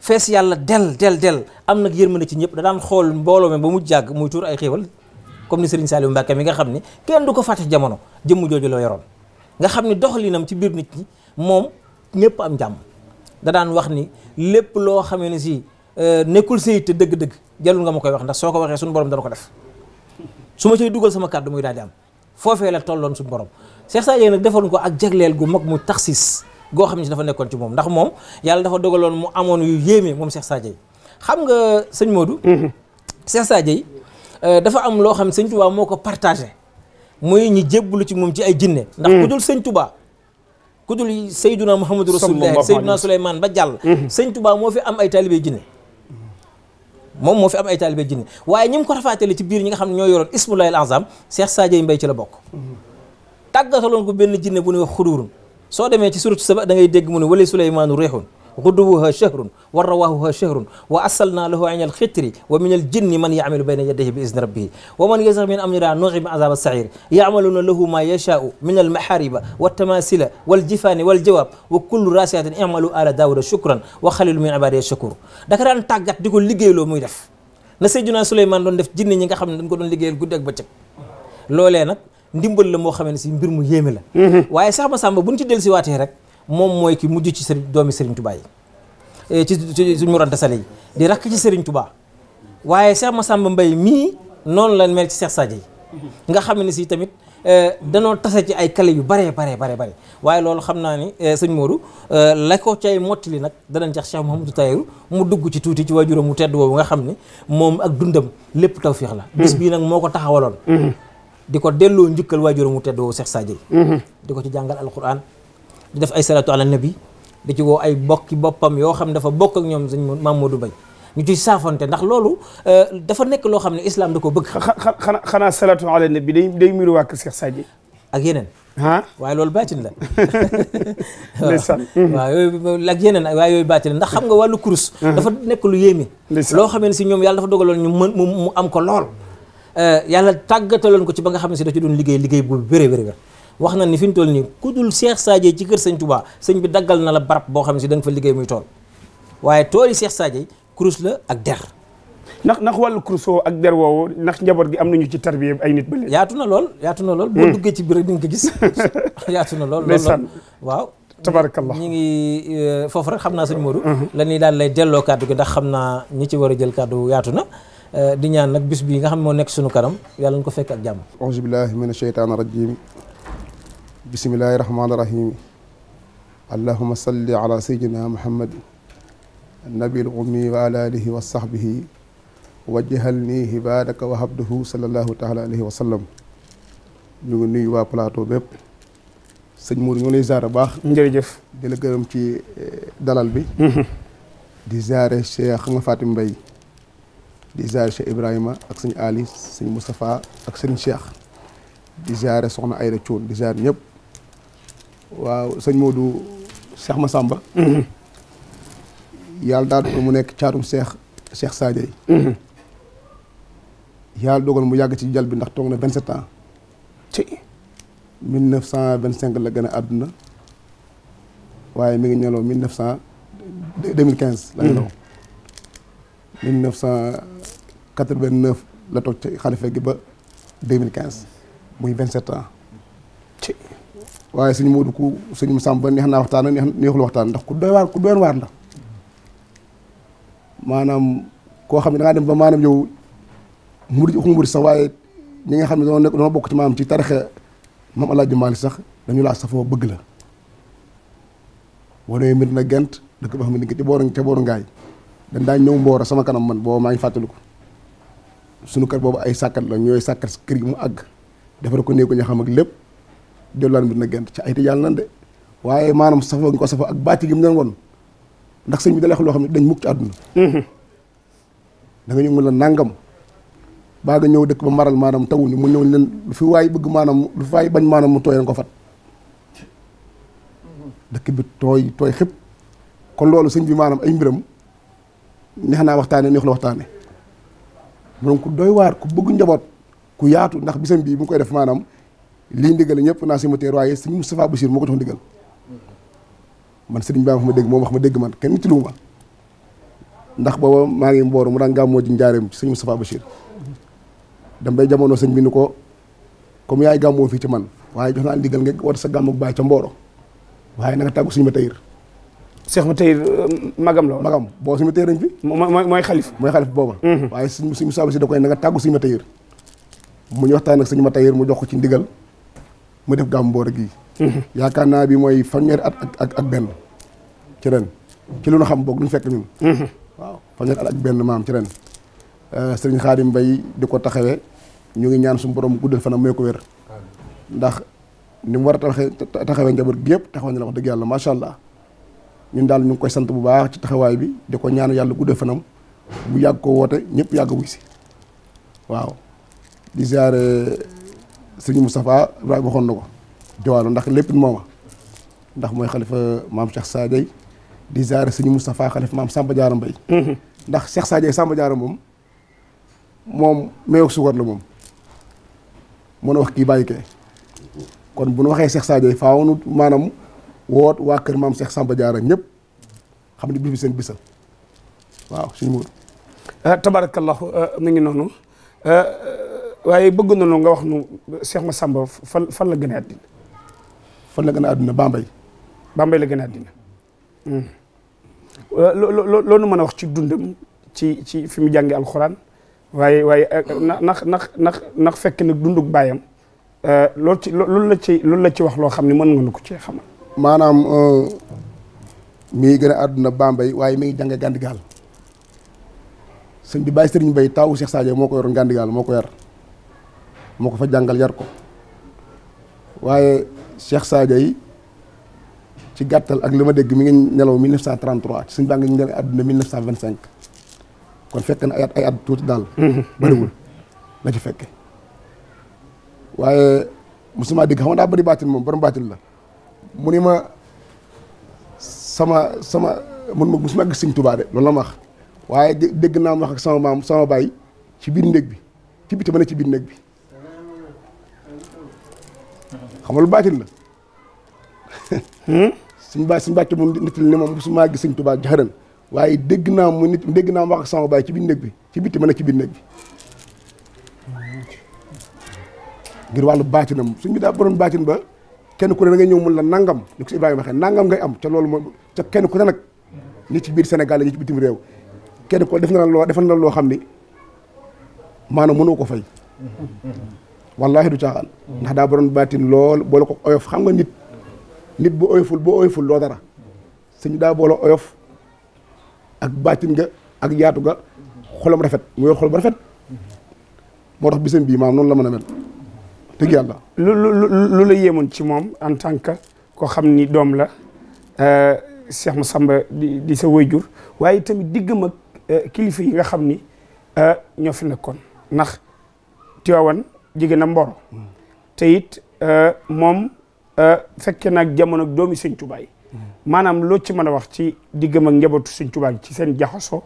fees yàlla del del del am nag yërmande ci ñëpp da daan xool mbooloo mi ba mu jàgg muy tuur ay xéewal comme ni Serigne Saliou Mbacke mi nga xam ni kenn du ko fàtte jamono jëmm jooju la yoroon nga xam ne doxalinam ci biir nit ñi moom ñëpp am jàmm da wax ni lépp loo xamee ne si euh, nekkul sayit te dëgg-dëgg jalul nga ma koy wax ndax soo ko waxee suñu borom dana ko def su ma cay dugal sama kàddu muy daal am foofee la tolloon suñu borom Cheikh yi nag defoon ko ak jagleel gu mag mu taxis goo xam ne dafa nekkoon ci moom ndax moom yàlla dafa dogaloon mu amoon yu yéeme moom Cheikh Sadio xam nga sëñ Modou. Mhm. Cheikh yi euh, dafa am loo xam ne sëñ Touba moo ko partagé muy ñu jébbalu ci moom ci ay jinne ndax mhm. ku dul sëñ Touba. ku dul Seyduna Muhammadu Rasulullah Seyduna Souleymane ba jàll. Mhm. sëñ tubaa moo fi am ay talibé jinne moom moo fi am ay taalibe jinne waaye ñi ko rafaatale ci biir ñi nga xam ne ñoo yoroon ismullahi al azam Cheikh Sadio ci la bokk tàggataloon ko benn jinne bu ñuy wax xuduurun soo demee ci suratu saba da ngay dégg mu ne wali suleymaanu réexun غدوها شهر ورواهها شهر وأصلنا له عين الخطر ومن الجن من يعمل بين يديه بإذن ربه ومن يزغ من أمرنا نغم عذاب السعير يعملون له ما يشاء من المحارب والتماثيل والجفان والجواب وكل راسية اعملوا آل داود شكرا وخليل من عباده الشكور دكران تاغات ديكو ليغيلو موي ديف na Seydina Souleymane doon def jinne ñi nga xam ne dañ ko doon liggéeyal guddi ak bëccëg loolee nag ndimbal la moo xamee ne si mbir mu yéeme la waaye sax ma sàmba buñ ci dellusiwaatee rek moom mooy ki mujj ci sëriñ doomi sëriñ Tuubaa yi eh, ci suñ Mor Anta Sali yi di rakk ci sëriñ Tuubaa waaye Cheikh Massamba mbay mii noonu la mel ci Cheikh Sadio yi nga xam ne si tamit eh, danoo tase ci ay kale yu bare bare bare bare waaye loolu xam naa ni eh, sëñ Modou la ko cay mottali nag danañ jax mu Mouhamadou Tayiru mu dugg ci tuuti ci waajuram mu tedd woowu nga xam ne moom ak dundam lépp tawféex la bis bii nag moo ko taxawaloon mm-hmm. di ko delloo njukkal waajuram mu tedd woowu Cheikh Sadio mm-hmm. di ko ci jàngal alquran di def ay salatu ala nabi da ci woo ay bokki boppam yoo xam ne dafa bokk ak ñoom sëñ Mamadou Baye ñu ci saafante ndax loolu euh, dafa nekk loo xam ne islam da ko bëgg. xanaa xanaa salatu ala nabi day day miiru waa kër Cheikh Sadji ak yeneen. ah waaye loolu baatin la. <laughs> ndeysaan waaw yooyu ak yeneen waaye yooyu baatin la ndax xam nga wàllu kurus. dafa nekk lu yéeme. loo xam si ñoom yàlla dafa dogaloon ñu mën mu am ko lool. Euh, yàlla tàggataloon ko ci ba nga xam ne si da ci doon liggéey liggéey bu bëree wax na ni fi ñu toll nii ku dul Cheikh Sadio ci kër sëñ Touba sañ bi daggal na la barab boo xam si da fa liggéey muy tool waaye tool yi Cheikh Sadio kurus la ak der. ndax ndax wàllu kurusoo ak der woowu ndax njaboot gi am nañu ci tarbiya ay nit ba léegi. yaatu na lool yaatu na lool. boo hmm. duggee ci biir rek di nga ko gis <laughs> yaatu na lool. lool waaw. tabarakallah ñu ngi euh, foofu rek xam naa sëñ Modou hmm. la ñuy daal lay delloo kàddu gi ndax xam naa ñi ci war a jël kàddu yaatu na euh, di ñaan nag bis bii nga xam moo nekk suñu kanam yàlla ñu ko fekk ak jàmm
auzu billahi mina sheytaani rajim bismillaahi
rahmaani rahiim allahuma
salli ala sayyidina muhammad nabil ummi wa ala wa sahbihi wajjahal nii hibaadaka wa habduhu sallallahu taala alayhi wa sallam ñu ngi waa plateau bépp sëñ Mour ñu ngi lay ziar baax. jërëjëf di la gërëm ci eh, dalal bi. Mhm. di ziare Cheikh nga Fatim Mbaye di ziare Cheikh Ibrahima ak sëñ Ali sëñ Moustapha ak sëñ Cheikh di ziare Soxna Ayda Thioune di ziare ñëpp. waaw sëñ Modou Cheikh Massamba mm-hmm. yàlla daa dogal mu nekk caatum Cheikh Cheikh Sadio yi mm-hmm. yàlla dogal mu yàgg ci jal bi ndax toog na vingt sept ans ci mille neuf cent vingt cinq la gën a àdduna waaye mi ngi ñeloo mille neuf cent deux mille quinze la ñeloo mm-hmm. mille neuf cent quatre vingt neuf la toog ci xalifa gi ba deux mille quinze muy vingt sept ans waaye suñu Modou ku suñu Samba neex naa waxtaan ak neexul waxtaan ndax ku doy waar ku doy waar la maanaam koo xam ne da ngaa ba maanaam yow murid waxuma murid sax ñi nga xam ne dañoo nekk dañoo bokk ci maanaam ci tarixa maam Alaaji Maalik sax dañu laa safoo bëgg la boo demee mbir na gent dëkk ba xam ne ca boor ca boor ngaay dañ daañ ñëw mboora sama kanam man booba maa ngi fàttaliku sunu kër boobu ay sàkkat la ñooy sàkkat kër gi mu àgg defar ko néeg ko ñu xam lépp delluwaat mbir na gent ci ay rijaal nan de waaye maanaam safoo nga ko safoo ak bàcc gi mu leen woon ndax sëñ bi da lay loo xam ne dañ mukk ci àdduna mm-hmm. danga nga ñu mën la nangam baa nga ñëw dëkk ba maral maanaam tawu ni mu ñëw leen lu fi waay bëgg maanaam lu fi waay bañ maanaam mu tooy ko fat dëkk bi tooy tooy xëpp kon loolu sëñ bi maanaam ay mbiram neex naa waxtaane neex la waxtaane donc doy waar bëgg njaboot ku yaatu ndax bisam bii mu koy def maanaam lii ndigal ñëpp naa si ma teer waaye sëñ Moustapha Bachir moo ko jox man sëriñ baa ma dégg moom wax ma dégg man kenn ci luuma ndax booba maa ngi mboor mu daan gàmmoo ji njaareem ci sëñ Moustapha dam bay jamono sëñ bi ni ko comme yaay gàmmoo fii ci man waaye jox naa ndigal nga war sa gàmm ak baay ca mbooro waaye na nga tàggu ma tayir seex ma tayir euh, magam la magam boo sëñ ma tayir nañ fi mooy xalif mooy xalif booba mhm. waaye sëñ Moustapha Bachir na nga tàggu ma tayir mu ñu waxtaan ak sëñ ma tayir mu jox ko ci ndiggal mu def gàmmu Mbooro gi mhm. yaakaar naa bi mooy fanweeri at ak ak benn ci ren ci lu ñu xam boog lu ñu fekk ñun mhm. waaw fanweeri at ak benn maam ci ren euh, sëriñ Xaadim Mbay di ko taxawee ñu ngi ñaan suñu borom guddal fanam mooy ko wér ndax ni mu war a taxawee njaboot gi yëpp taxaw na la dëgg yàlla macha allah ñun daal ñu ngi koy sant bu baax ci taxawaay bi di ko ñaan yàlla guddal fanam bu yàgg ko woote ñëpp yàgg wuy si waaw di sëñ Moustapha Ibrahima waxoon na ko Jowaalo ndax lépp mooma ndax mooy xalifa maam Cheikh Sadio di ziare sëñ Moustapha xalifa maam Samba Diarra Mbaye mhm. ndax Cheikh Sadio Samba Diarra moom moom meew suukar la moom mën a wax kii bàyyi kee kon bu nu waxee Cheikh Sadio faaw nu maanaam woot waa kër maam Cheikh Samba Diarra ñëpp xam
ne bis bi seen bisal waaw suñu muur. Eh, tabarakallahu eh, mi ngi noonu. Eh, waaye bëgg na nga wax nu Cheikh Massamba fan fan la gën a àddina fan la gën a àddina Bambey Bambey la gën a àddina hmm. loolu mën a wax ci dundam ci ci fi mu jàngi alxuraan waaye waaye eh, nax nax ndax ndax fekk nag dundug baayam eh, loolu ci loolu la ci loolu la ci wax loo xam ne mën nga nu ko cee xamal maanaam euh,
mi ngi gën a àdduna Bambey waaye mi ngi jànge Gandigaal sëñ bi bàyyi sëriñ Bay taw Cheikh Sadio moo ko yoroon Gandigaal moo ko yar moo ko fa jàngal yar ko waaye Cheikh Sadia yi ci gàttal ak li ma dégg mu ngi nelaw 1933 suñu baa ngi ñu nelaw àdduna 1925 kon fekk na ay at ay at tuuti daal. <laughs> bëriwul la ci fekke waaye mosuma dégg xam nga daa bëri baatin moom borom baatin la mu ni ma sama sama mun ma mosuma gis Sëñ Tuubaa de loolu la ma wax waaye dégg naa ma wax ak sama maam sama baay ci biir néeg bi ci biti ma ne ci biir néeg bi. xam nga lu baatin la. Hmm? suñu baay suñu bàcke moom nit ni moom su maa gis sëñ Tuubaa waaye dégg naa mu nit dégg naa mu wax ak sama baay ci biir néeg bi ci bitti ma ne ci biir néeg bi ngir wàllu suñ bi daa ba kenn ku ne da nga ñëw mun la nangam ni ko nangam ngay am ca loolu moom ca kenn ku ne nag ñi ci biir Sénégal la ñi bitim réew kenn koo def na loo defal na loo xam ni maanaam mënoo ko fay wallahi du caaxaan ndax daa borom baatin lool boole ko oyof xam nga nit nit bu oyoful boo oyoful loo dara suñu daa boole oyof ak baatin ga ak yaatu ga xolam rafet
mu yor xol rafet moo tax bisam bii maam noonu la mën a mel dëgg yàlla lu la yéemoon ci moom en tant que koo xam ni doom la euh, Cheikh Massamba di sa waajur waaye tamit diggam ak euh, kilifa yi nga xam ni euh, ñoo fi nekkoon ndax Tiwaawan jigéen na mboro te it euh, moom euh, fekke nag jamono doomi sëñ Tuubaa maanaam loo ci mën a wax ci diggam ak njabootu sëñ Tuubaa ci seen jaxasoo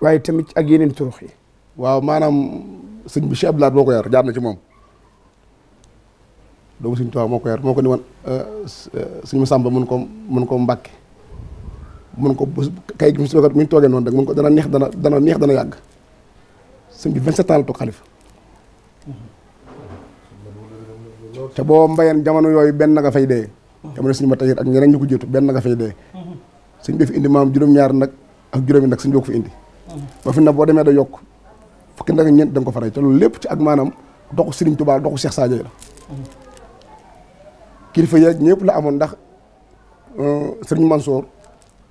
waaye tamit ak yeneen turux yi
waaw maanaam sëñ bi Cheikh Abdoulaye moo ko yar jaar na ci moom doomu sëñ Tuubaa moo ko yar moo ko ni woon euh, sëñ Masamba mun ko mun ko mbàkke mun ko kay gi muñ toogee noonu rek mun ko dana neex dana dana neex dana yàgg sëñ bi vingt te boo mbayeen jamono yooyu benn a fay dee jamono suñu ma tayir ak ñeneen ñu ko jiitu benn nga fay dee suñ bi fi indi maam juróom-ñaar nag ak juróomi nag suñ boo
ko
fi boo demee da yokk fukki nag ak ñeent ko faray te lépp ci ak maanaam doxu Serigne Touba doxu Cheikh Sadio la ñëpp la amoon ndax euh, Serigne Mansour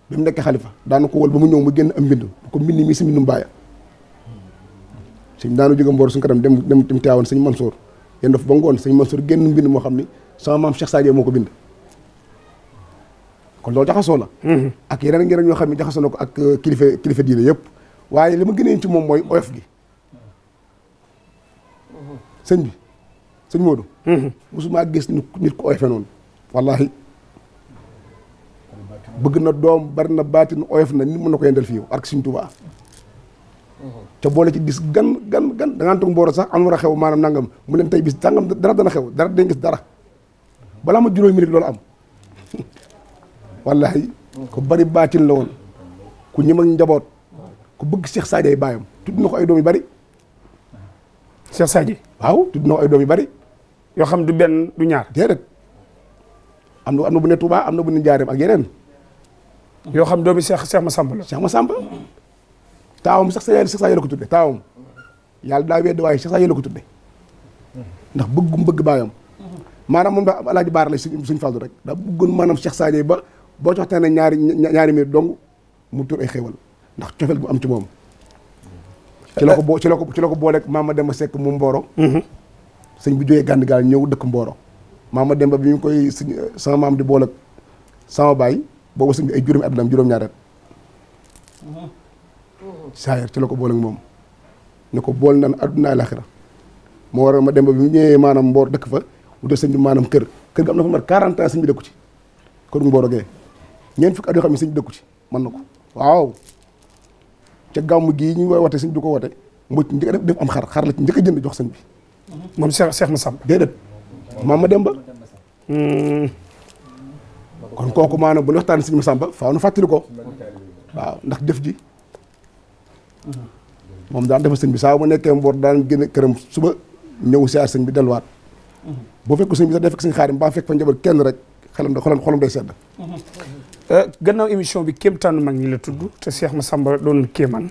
bi nekk xalifa daana ko wol mu ñëw mu génn am mbind ko mbind mi si mbindum bàyya sëñ daanu jóge dem dem tim teewoon sëñ yéen daf ba ngoon sëñ Mansour génn mbind moo xam ni sama maam Cheikh Sadio moo ko bind kon loolu jaxasoo la mhm. ak yeneen ak ñoo xam ne jaxasoo na ko ak euh, kilifa kilifa diine yëpp waaye li ma gënee ci moom mooy oyof gi mhm. sëñ bi sëñ Modou musuma mhm. gis nit ku oyofee noonu wallaahi bëgg na doom bari na baatin oyof na nit mën na ko yendal fii yow ak suñ Tuubaa te boole ci gis gan gan gan da ngaan toog mbooro sax am war a xew maanaam nangam mu leen tey bis tàngam dara dana xew dara dañ gis dara balaa ma juróomi minute loolu am <laughs> wallahi ku bari baatin la woon ku ñëm ak njaboot ku bëgg Cheikh Sadio ay baayam tudd na ko ay doom yu bari Cheikh Sadio waaw tudd na ko ay doom yu bari yoo xam du benn du ñaar déedéet am na am na bu ne Touba am na bu ne Njaareem ak yeneen yoo xam doomi Cheikh Cheikh Massamba la seex ma Massamba taawam sax Cheikh Saliou a ko tudde taawam yàlla daa wedd waaye Cheikh Saliou yéen a ko tudde ndax bëggum bëgg baayam
maanaam moom daal alaaji
baar la suñ fallu rek daa bëggoon maanaam Cheikh Saliou ba boo ci waxtaanee ñaari ñaari mbir dong mu tur ay xéewal ndax cofeel gu am ci moom ci la ko boo ci la ko ci la ko booleeg maama Demba Seck mu Mboro mm-hmm. sëñ bi jógee gànd gaal ñëw dëkk Mboro maama Demba bi ñu koy sama maam di booleeg sama baay boobu sëñ bi ay juróomi at la juróom-ñaari
mm-hmm.
ci saayir ci la ko boole moom ne ko bool nan àdduna àllaaxira moo waral ma dem ba bi mu ñëwee maanaam mboor dëkk fa wutal sëñ bi maanaam kër kër gi na fa mat 40 ans sëñ bi dëkku ci kër gu mboor gee ñeent fukki at ci mën na ko waaw ca gàmm gii ñu woote sëñ bi du ko woote mbëcc njëkk def def am xar xar la ci bi moom Cheikh Cheikh na Samb déedéet maam ma dem ba hmm. kon kooku maanaam bu ñu waxtaan sëñ Massamba faaw nu fàttali ko waaw ndax def ji moom daan def sëñ bi saa bu nekkee mboor daan génne këram suba ñëw siyaar sëñ bi delluwaat boo fekk sëñ bi sax day fekk sëñ xaarim baa fekk fa njaboot kenn rek xelam da xolam xolam day sedd
euh, gannaaw émission bi tànn mag ñi la tudd te Cheikh Massamba doon kéemaan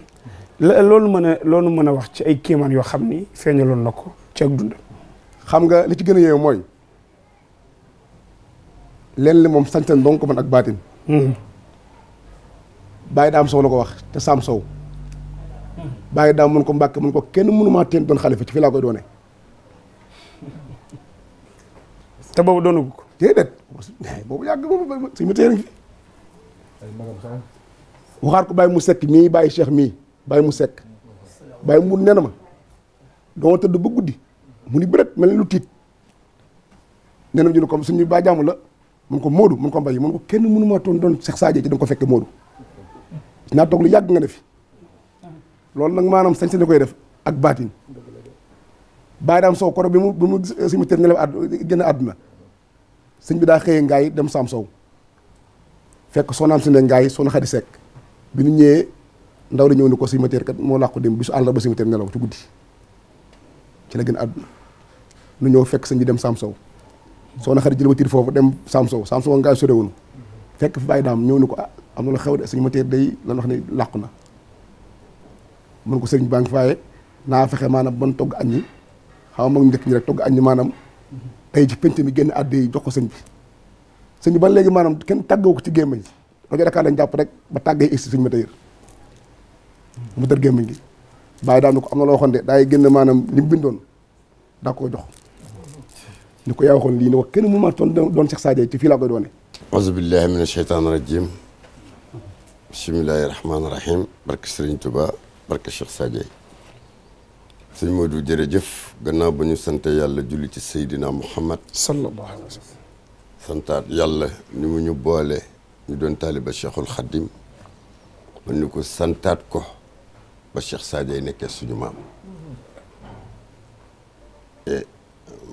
la loolu mën a loolu mën a wax ci ay kéemaan yoo xam ni feeñaloon na ko ci ak dund xam nga li ci gën a yeewu mooy
leen moom sañtan doon ko man ak baatin hmm. bàyyi daam sow la ko wax te saam sow bàyyi daam mun ko mbàkke mun ko kenn mënumaa teen doon xalifa ci fii laa koy doone te boobu doonagu ko déedéet boobu yàgg boobu suñu ma téerañ fi waxaat ko bàyyi mu sekk mii bàyyi cheikh mii bàyyi mu sekk bàyyi mu nen ma dooma tëdd ba guddi mu ni bërét mel ni lu tiit nenam ñu ne ko suñu baa jàmm la mun ko Modou mun ko Mbaye mun ko kenn mënumaa toon doon Cheikh Sadio ci da ko fekke Modou naa toog lu yàgg nga def fi loolu nag maanaam sañ-sañ la koy def ak baatin bàyyi daam sow koro bi mu bi mu cimetière euh, nelaw àdd àdduna sëñ bi daa xëyee ngaay dem saam sow fekk soxnaam si ne ngaay soxna xadi sekk bi ñu ñëwee ndaw la ñëw ni ko cimetière kat moo làqu dem bisu àll ba cimetière nelaw ci guddi ci la génn fekk sëñ bi dem saam sow soxna xadi jël watir foofu dem saam sow saam sow ngaay fekk fi bàyyi daam ñëw ni ko ah am na la xew de cimetière day lan wax ni làqu na mun ko sëriñ baa ngi faaye naa fexe maanaam ban togg añ yi xaw ma mag njëkk ñi rek togg añ yi maanaam tey ci penc mi génn àddi yi jox ko sëñ bi sëñ bi ba léegi maanaam kenn tagg ko ci gémmañ gi rajo Dakar jàpp rek ba tàggee isti mu tër gémmañ gi bàyyi ko am na loo waxoon de daay génn maanaam li bindoon daa koo jox ni ko yaa waxoon lii ne wax kenn mu ma toon doon Cheikh Sadio ci fii laa koy doone
auzu billahi min asheytaan rajim bismillahi rahmaani rahim barke sëriñ Tuubaa barke Cheikh Sadio sëñ Modou jërëjëf gannaaw ba ñu sant yàlla julli ci Seydina Muhammad
sallallahu
santaat yàlla ni mu ñu boole ñu doon taaliba Cheikhul Khadim mën ni ko santaat ko ba Cheikh Sadio nekkee suñu eh,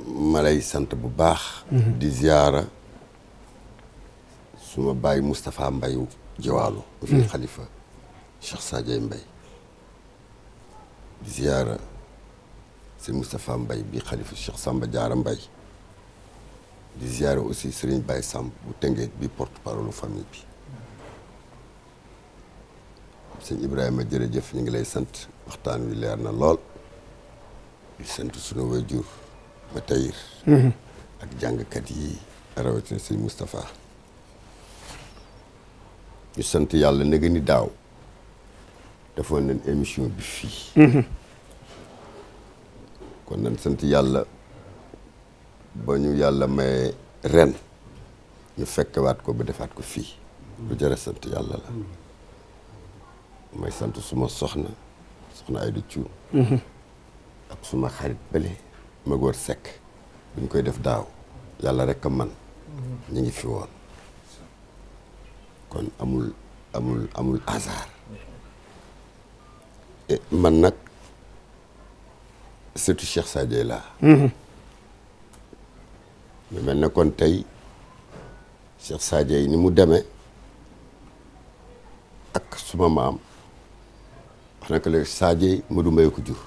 ma lay sant bu baax mhm. di ziyaara suma baay Moustapha Mbaye jiwaalo fi mhm. xalifa Cheikh Sadio Mbaye ziyaara si Moustapha Mbaye bi xalifu Cheikh Samba Diarra mbay di ziyaara aussi Serigne Baye Samb bu Tëngéej bi port parole famille bi sëñ Ibrahima jërëjëf ñu ngi lay sant waxtaan wi leer na lool di sant sunu waajur ba tayir mhm. ak jàngkat yi rawatina si Moustapha ñu sant yàlla na gën ni daaw defoon na émission bi
fii. Mhm.
kon nañ sant yàlla ba ñu yàlla may ren ñu fekkewaat ko ba defaat ko fii. lu jërë sant yàlla la. may sant suma soxna soxna Ayda Cuun mhm. ak suma xarit bële ma góor sekk buñ koy def daaw yàlla rek a man mhm. ñu ngi fi woon kon amul amul amul Eh, man nag surtout Cheikh Sadio la mhm. mu mel ne kon tey Cheikh Sadio ni mu deme ak suma maam wax na ko léegi Sadio Modou Mbaye ko jur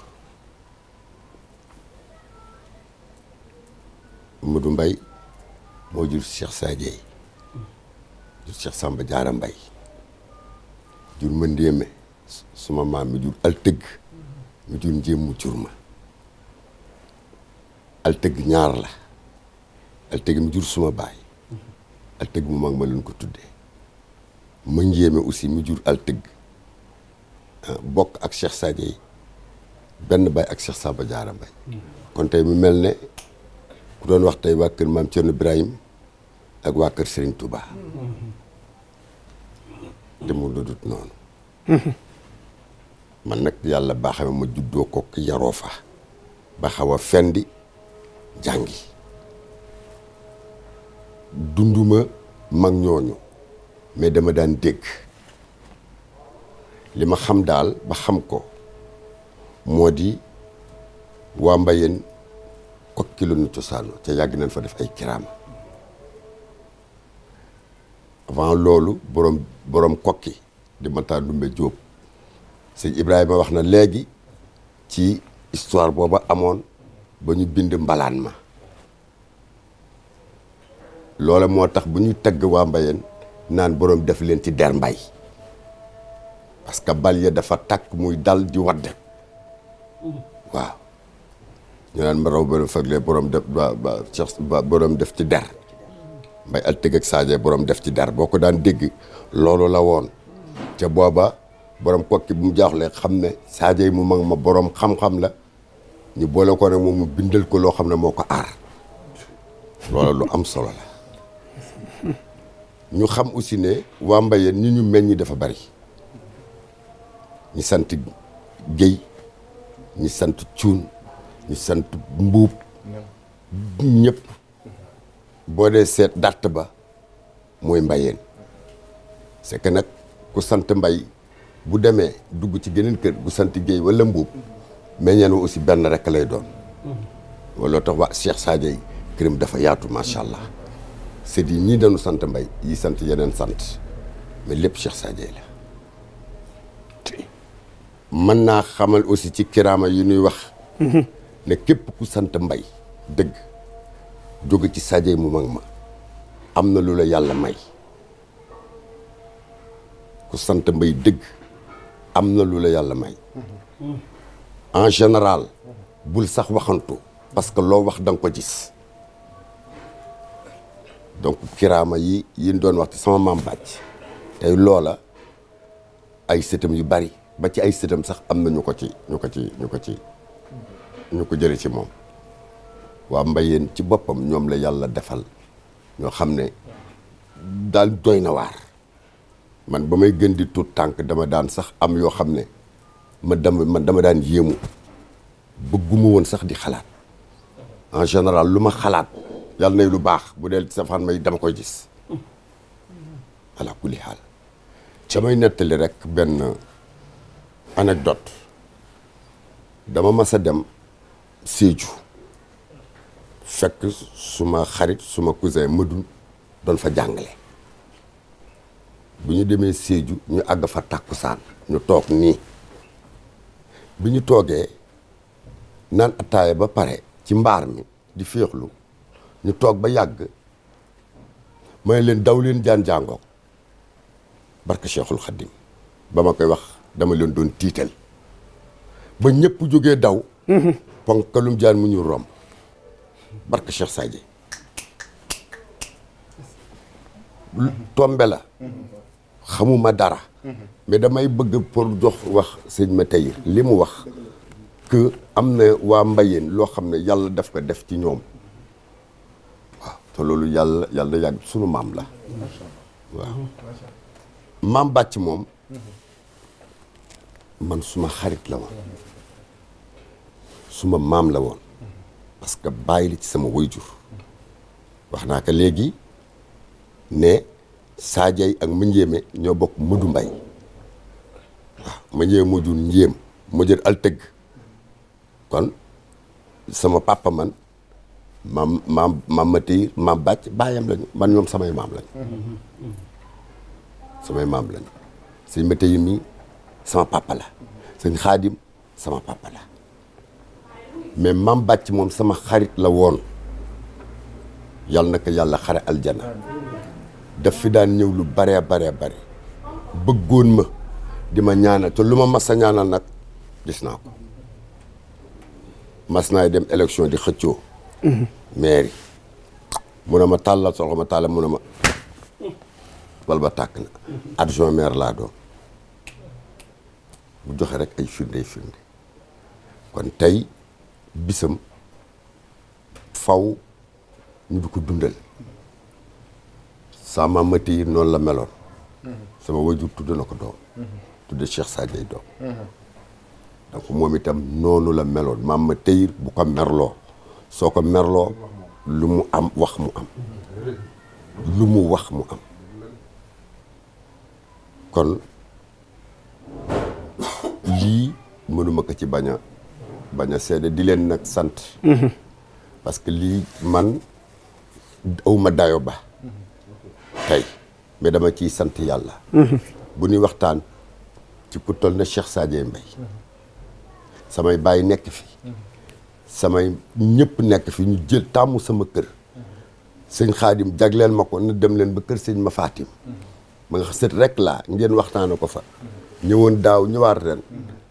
Modou Mbaye moo jur Cheikh Sadio jur Cheikh Samba Diarra Mbaye jur Mandémé. suma maam mi jur altëgg mi jur njéem mu jur ma altëgg ñaar la altëgg mi jur suma baay altëgg mu mag ma leen ko tuddee ma njéeme aussi mi jur altëgg ah, bokk ak Cheikh Sadio benn baay ak Cheikh Saba Diarra Mbaye kon tey mu mel ne ku doon wax tey waa kër maam Thierno Ibrahim ak waa kër Serigne Touba te mu dudut noonu man nag yàlla baaxe ma ma juddoo ko yaroo fa ba a fendi jàngi dunduma mag ñooñu mais dama daan dégg li ma xam daal ba xam ko moo di waa mbayeen kokki la nu cosaanoo ca yàgg nañ fa def ay kiraam avant loolu borom borom kokki di Matar Dumbe Jóob sëñ Ibrahima wax na léegi ci histoire booba amoon ba ñu bind mbalaan ma loole moo tax bu ñu tagg waa mbayeen naan boroom def leen ci der mbay parce que bal dafa takk muy dal di wadd waaw ñu naan ma raw boroom fagle boroom def boroom def ci der mbay altëg ak Sadio boroom def ci der boo ko daan dégg loolu la woon ca booba borom kokki bu mu jaaxlee xam ne Sadio mu mag ma boroom xam-xam la ñu boole ko nag moom mu bindal ko loo xam ne moo ko aar loolu lu am solo la ñu xam aussi ne waa Mbayeen ñi ñu mel ñi dafa bari ñu sant Guèye ñu sant Cuun ñu sant Mbuub ñëpp boo seet dàtt ba mooy Mbayeen c'est nag ku sant Mbay bu demee dugg ci geneen kër bu sant Guèye wala Mbuub meññeen wa aussi benn rekk lay doon. looloo tax waa Cheikh Sadio yi këram dafa yaatu macha allah sët yi ñii dañu sant mbay yi sant yeneen sant mais lépp Cheikh Sadio la. mën naa xamal aussi ci këraama yu ñuy wax. Mhm. ne képp ku sant mbay dëgg jóge ci Sadio mu mag ma am na lu la yàlla may ku sant mbay dëgg. am na lu la yàlla may en général bul sax waxantu parce que loo wax dang ko gis donc kiraama yi yin doon wax te sama maam bàcc tey loola ay sëtam yu bari ba ci ay sëtam sax am na ñu ko ci ñu ko ci ñu ko ci ñu ko jële ci moom waa mbayeen ci boppam ñoom la yàlla defal ñoo xam ne daal doy na waar man ba may gën di tuut tànk dama daan sax am yoo xam ne ma dama man dama daan yéemu bëgguma woon sax di xalaat en général lu ma xalaat yàlla nay lu baax bu dee safaan may dama koy gis ala kulli xaal damay nettali rek benn anecdote dama mas a dem Sédhiou fekk suma xarit suma cousin Madoun doon fa jàngale bu ñu demee Sédhiou ñu àgg fa tàkkusaan ñu toog nii bi ñu toogee naan attaaya ba pare ci mbaar mi di féexlu ñu toog ba yàgg may leen daw leen jaan jàngook barke Cheikhul Khadim ba ma koy wax dama leen doon tiital ba ñëpp jógee daw ponkalum jaan mu ñu romb barke Cheikh Sadji xamuma dara mais damay bëgg pour jox wax sëñ ma tey li mu wax que am na waa mbayeen loo xam ne yàlla daf ko def ci ñoom waaw te loolu yàlla yàlla yàgg sunu maam la waaw maam bàcc moom man suma xarit la woon suma maam la woon parce que bàyyi la ci sama wayjur wax naa ko léegi ne Sadiaye ak Mandiémé ñoo bokk Modou Mbaye waaw Mandiémé moo mu jël moo jur kon sama papa man maam ma maam Mati Bàcc baayam lañu man ñoom samay maam lañu. samay maam lañu sëñ Mati yi mi sama papa la sëñ Xaadim sama papa la mais maam Bàcc moom sama xarit la woon yal na ko yàlla xare aljana daf fi daan ñëw lu bare bare bare bëggoon ma di ma ñaan te lu ma mas a ñaanal nag gis naa ko mas naay dem élection di xëccoo mairie mu ne ma tàllal soxla ma tàllal mu ne ma bal ba tàkk na adjoint maire laa doon bu joxe rek ay firnde ay firnde kon tey bisam faw ñu di ko dundal sama mati noonu la meloon sama wajur tudd na ko doom tudd Cheikh Sadio doom donc moom itam noonu la meloon maam ma tëyir bu ko merloo soo ko merloo lu mu am wax mu am lu mu wax mu am kon lii mënuma ko ci bañ a bañ a seede di nag sant mhm. parce que lii man awma dayo ba tey mais dama ciy sant yàlla. Mhm. bu ñuy waxtaan ci ku na Cheikh Sadie Mbaye mhm. samay baay nekk fi. Mhm. samay ñépp nekk fi ñu jël tàmmu sama kër. sëñ Xaadim jagleel ma ko na dem leen ba kër sëñ ma Fatim. ma nga xam rek laa ngeen waxtaane ko fa. ñëwoon daaw ñëwaat ren.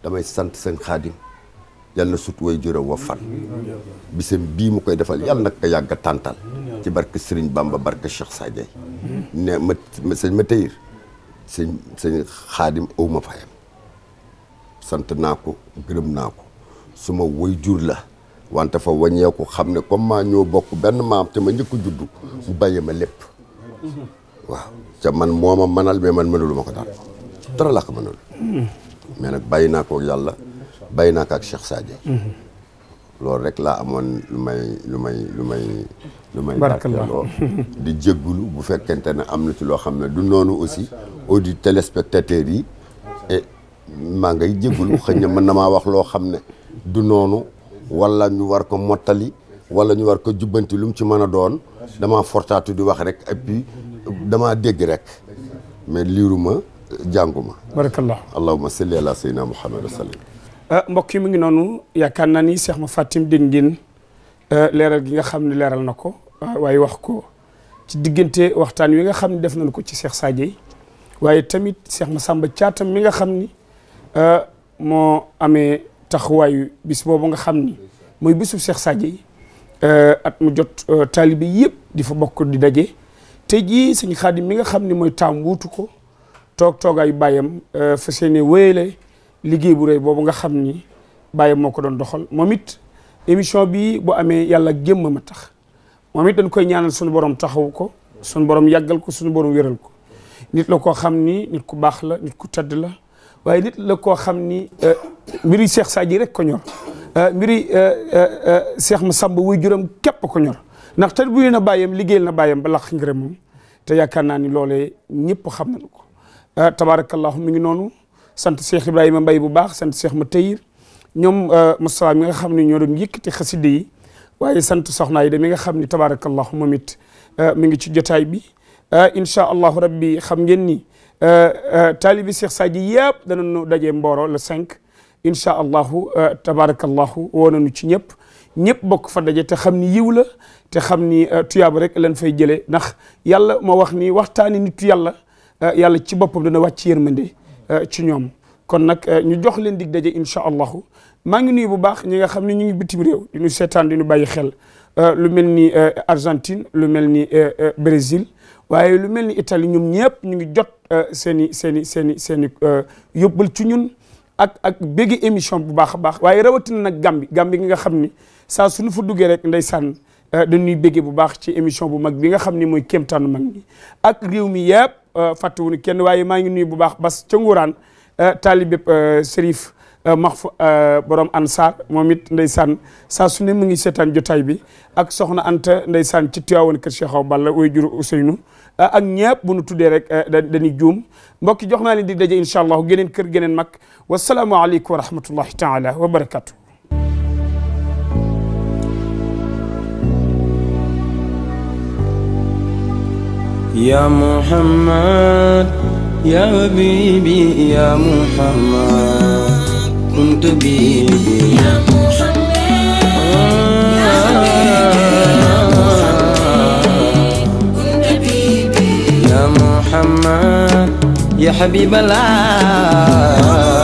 damay sant sëñ Xaadim. yàlla na sut way juróom wa fan bisam bii mu koy defal yàlla na ko yàgg a tàntal ci barke Serigne Bamba barke Cheikh Sadio ne ma sëñ ma tëyir sëñ sëñ ma fayam sant naa ko gërëm naa ko suma way jur la wante fa waññeeku xam ne comme maa ñoo bokk benn maam te ma njëkk a juddu mu bàyyi ma lépp waaw ca man moo ma manal mais man mënalu ma ko daal dara laa ko mënal mais nag bàyyi naa ko yàlla bàyyi naa ko ak Cheikh Sadio. Mhm. loolu rek laa amoon lu may lu may lu may. lu may barkeloo di jéggulu bu fekkente ne am na ci loo xam ne du noonu aussi au du téléspectateurs yi et eh, maa ngay jéggulu xëy na mën na maa wax loo xam ne du noonu wala ñu war ko mottali wala ñu war ko jubbanti lum ci mën a doon dama fortaatu di wax rek et puis damaa dégg rek mais liiruma jànguma barakallah allahumma salli ala sayyidina muhammad wa sallam
Ah, mbokk yi mu ngi noonu yaakaar naa ni seex ma Fatim dégg ngeen ah, leeral gi nga xam ne leeral na ko ah, waaye wax ko ci diggante waxtaan wi nga xam ne def nañ ko ci seex Sadio waaye tamit Cheikh Massamba Thiatam mi nga xam ni moo amee taxawaayu bis nga xam mooy bisu Cheikh Sadio at mu jot taalibe yëpp di fa bokk di daje te jii sëñ Xaadim mi nga xam ni mooy taam wutu ko toog toogaayu bàyyam fa seene wéyale liggéey bu rëy boobu nga xam ni Baye moo ko doon doxal moom it émission bii bu amee yàlla gémm ma tax moom it dañ koy ñaanal suñu borom taxawu ko suñu borom yàggal ko suñu borom wéral ko nit la koo xam ni nit ku baax la nit ku tedd la waaye nit la koo xam ni euh, mbiri Cheikh Sadji rek ko ñor euh, mbiri euh, Cheikh Massamba wuy juróom képp ko ñor ndax te bu na bàyyam liggéeyal na bàyyam ba lax ngërëm moom te yaakaar naa ni loolee ñëpp xam nañu ko tabaarakallahu mi ngi noonu sant Cheikh Ibrahima Mbaye bu baax sant ma Matahir ñoom euh, Moustapha mi nga xam ne ñoo doon yëkkati xaside yi waaye sant soxna yi de mi nga xam ne tabaarakallahu moom it euh, mi ngi ci jotaay bi euh, incha allahu rabbi xam ngeen ni taalibi Cheikh Sadji yëpp danañu daje Mboro la 5 incha allahu tabaarakallahu woo nañu ci ñëpp ñëpp bokk fa daje te xam ni yiw la te xam ni tuyaaba rek lañ fay jëlee ndax yàlla moo wax ni waxtaani nitu yàlla yàlla ci boppam dana wàcc yërmande Euh, ci ñoom kon nag euh, ñu jox leen dig daje incha allahu maa ngi nuyu bu baax ñi nga xam ne ñu ngi bitim réew di ñu seetaan di nu bàyyi xel euh, lu mel ni Argentine lu mel ni Brésil waaye lu mel ni itali ñoom ñëpp ñu ngi jot seen i seen i seen seen i yóbbal ci ñun ak ak bégg émission bu baax a baax waaye rawatina nag Gàmbi Gàmbi gi nga xam ni saa suñu fa duggee rek ndeysaan dañuy béggee bu baax ci émission bu mag bi nga xam ni mooy kéemtaanu mag ñi ak réew mi yëpp. Euh, fàttewuñu kenn waaye maa ngi nuyu bu baax bas ca Ngourane euh, taalibe euh, Serif Maxfu borom Ansar moom it ndeysaan saa su ne mu ngi seetaan jotaay bi ak soxna Anta ndeysaan ci Tiwaawoon kër Cheikh Awa Balla way juru Ousseynou ak ñëpp bu nu tuddee rek dañuy juum mbokki jox naa leen di daje incha allah geneen kër geneen mag wasalaamualeykum wa rahmatullahi taala wa barakatu
يا محمد يا حبيبي يا محمد كنت بي يا محمد يا محمد يا حبيب
الله